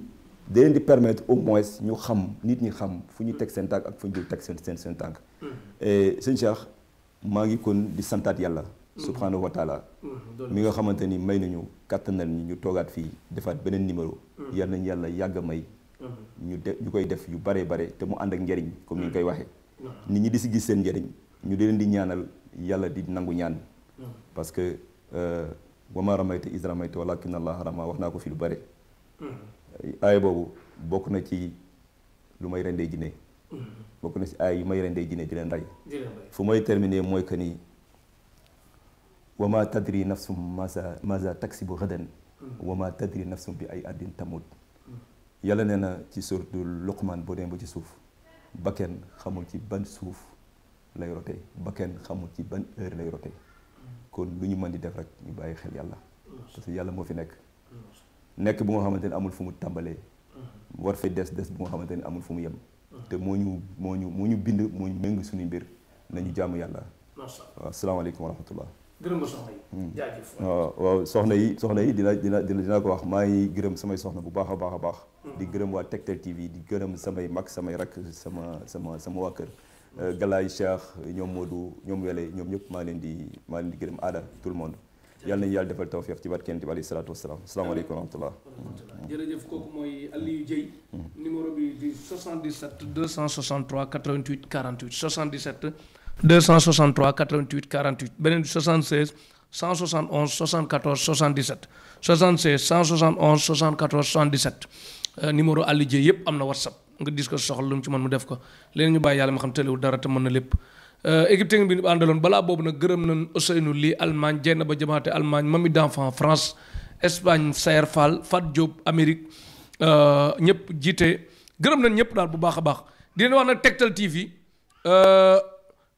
da leen di permettre au moins ñu xam nit ñi xam fu ñu teg seen tànk ak fu ñu teg seen seen seen tànk mm. sëñ Cheikh maa ngi kon di santaat yàlla mm. subhanahu wa taala mm, mi nga xamante ni may nañu kàttanal ñi ñu toogaat fii defaat beneen numéro yal nañu yàlla yàgg may ñu de ñu koy def yu bare bare te mu ànd ak njariñ comme ni ñu koy mm. waxee mm. nit ñi di si gis seen njariñ ñu di leen di ñaanal yàlla di nangu ñaan mm. parce que euh, wa ma ramayta iz ramayta walakin allah wax naa ko fi lu bare aaya boobu bokk na ci lu may rendee jinne bokk na si aay yu may rendee jinne di leen rey fu may terminer mooy que ni wa ma tadri nafsum maza maza taksibu gadan wa ma tadri nafsum bi ay ardin tamut yàlla nee na ci surtout Luqmaan boo dem ba ci suuf bakken xamul ci ban suuf lay rotee bakken xamul ci ban heure lay rotee kon lu ñu mën di def rek ñu bàyyi xel yàlla parce yàlla moo fi nekk nekk bu nga xamante ne amul fu mu tàmbalee war fi des des bu nga xamante ne amul fu mu yem te moo ñu moo ñu moo ñu bind moo ñu méng suñu mbir nañu jàmm yàlla waaw asalaamaaleykum wa rahmatullah gërëm nga soxna yi. Hmm. jaajëf waaw waaw soxna yi soxna yi dina dina dina ko wax maa ngi gërëm samay soxna bu baax a baax a baax. Hmm. di gërëm waa Tektal TV di gërëm samay mag samay rak sama sama sama waa kër. Euh, Galaye Cheikh ñoom Modou ñoom Wele ñoom ñëpp maa leen di maa di gërëm aada tout le monde. yàlla nañu yàlla defal tawfiq ci barkeen bi alayhi salaatu wasalaam asalaamaaleykum wa rahmatullah jërëjëf kooku mooy Aliou Dieye hmm. numéro bi di 77 263 88 48 77 263 88 48 beneen bi 76 171 74 77 76 171 74 77 numéro Aliou Dieye yëpp am na WhatsApp nga dis ko soxla lu mu ci mën mu def ko léegi ñu bàyyi yàlla ma xam tëlewul dara te mën na lépp. Euh, équipe technique bi ñu àndaloon balaa boobu nag gërëm nañ Ousseynou Ly Allemagne Dieynaba Diamaté Allemagne Mami d'enfant France Espagne Sayer Fall Fat Diop Amérique euh, ñëpp jiite gërëm na ñëpp daal baax a baax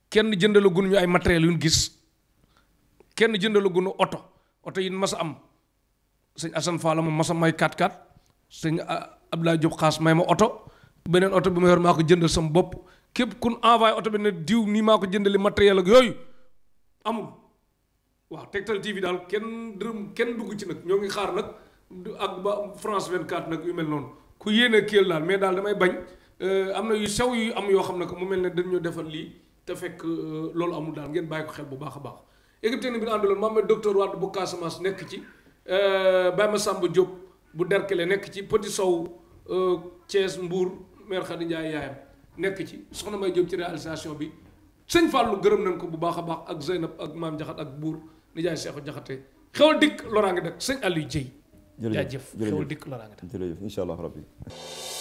kenn jëndalaguñu ñu ay matériels yu ñu gis kenn jëndalaguñu oto oto yi mas a am sëñ Assane Fall ma mas a may 4x4 ab ah, Abdoulaye Diop xaas may ma oto beneen oto bi ma yor maa ko jëndal sama bopp képp kun envoyé oto bi ne diw nii maa ko jëndali matériel ak yooyu amul waaw Tektal TV daal kenn dërëm kenn dugg ci nag ñoo ngi xaar nag ak ba France 24 nag yu mel noonu ku yéene kéel daal mais daal damay bañ euh, am na yu sew yu am yoo xam ne que mu mel ne dañoo defar lii. da fekk euh, loolu amul daal ngeen bàyyi ko xel bu baax a baax équipe technique bi ñu àndaloon Mohamed docteur Wade bu Casamance nekk ci ma euh, Massamba Diop bu Derkele nekk ci Petit Sow euh, Thiès Mbour maire Khady Ndiaye yaayam nekk ci soxna May Diop ci réalisation bi sëñ Fallou gërëm nañ ko bu baax a baax ak Zeynab ak maam Diakhat ak Bour nijaay Seexu Diakhaté xewal dikk loraa loraange dëkk sëñ Aliou Dieye jaajëf xewal dikk loraange dikk jërëjëf incha allah rabbi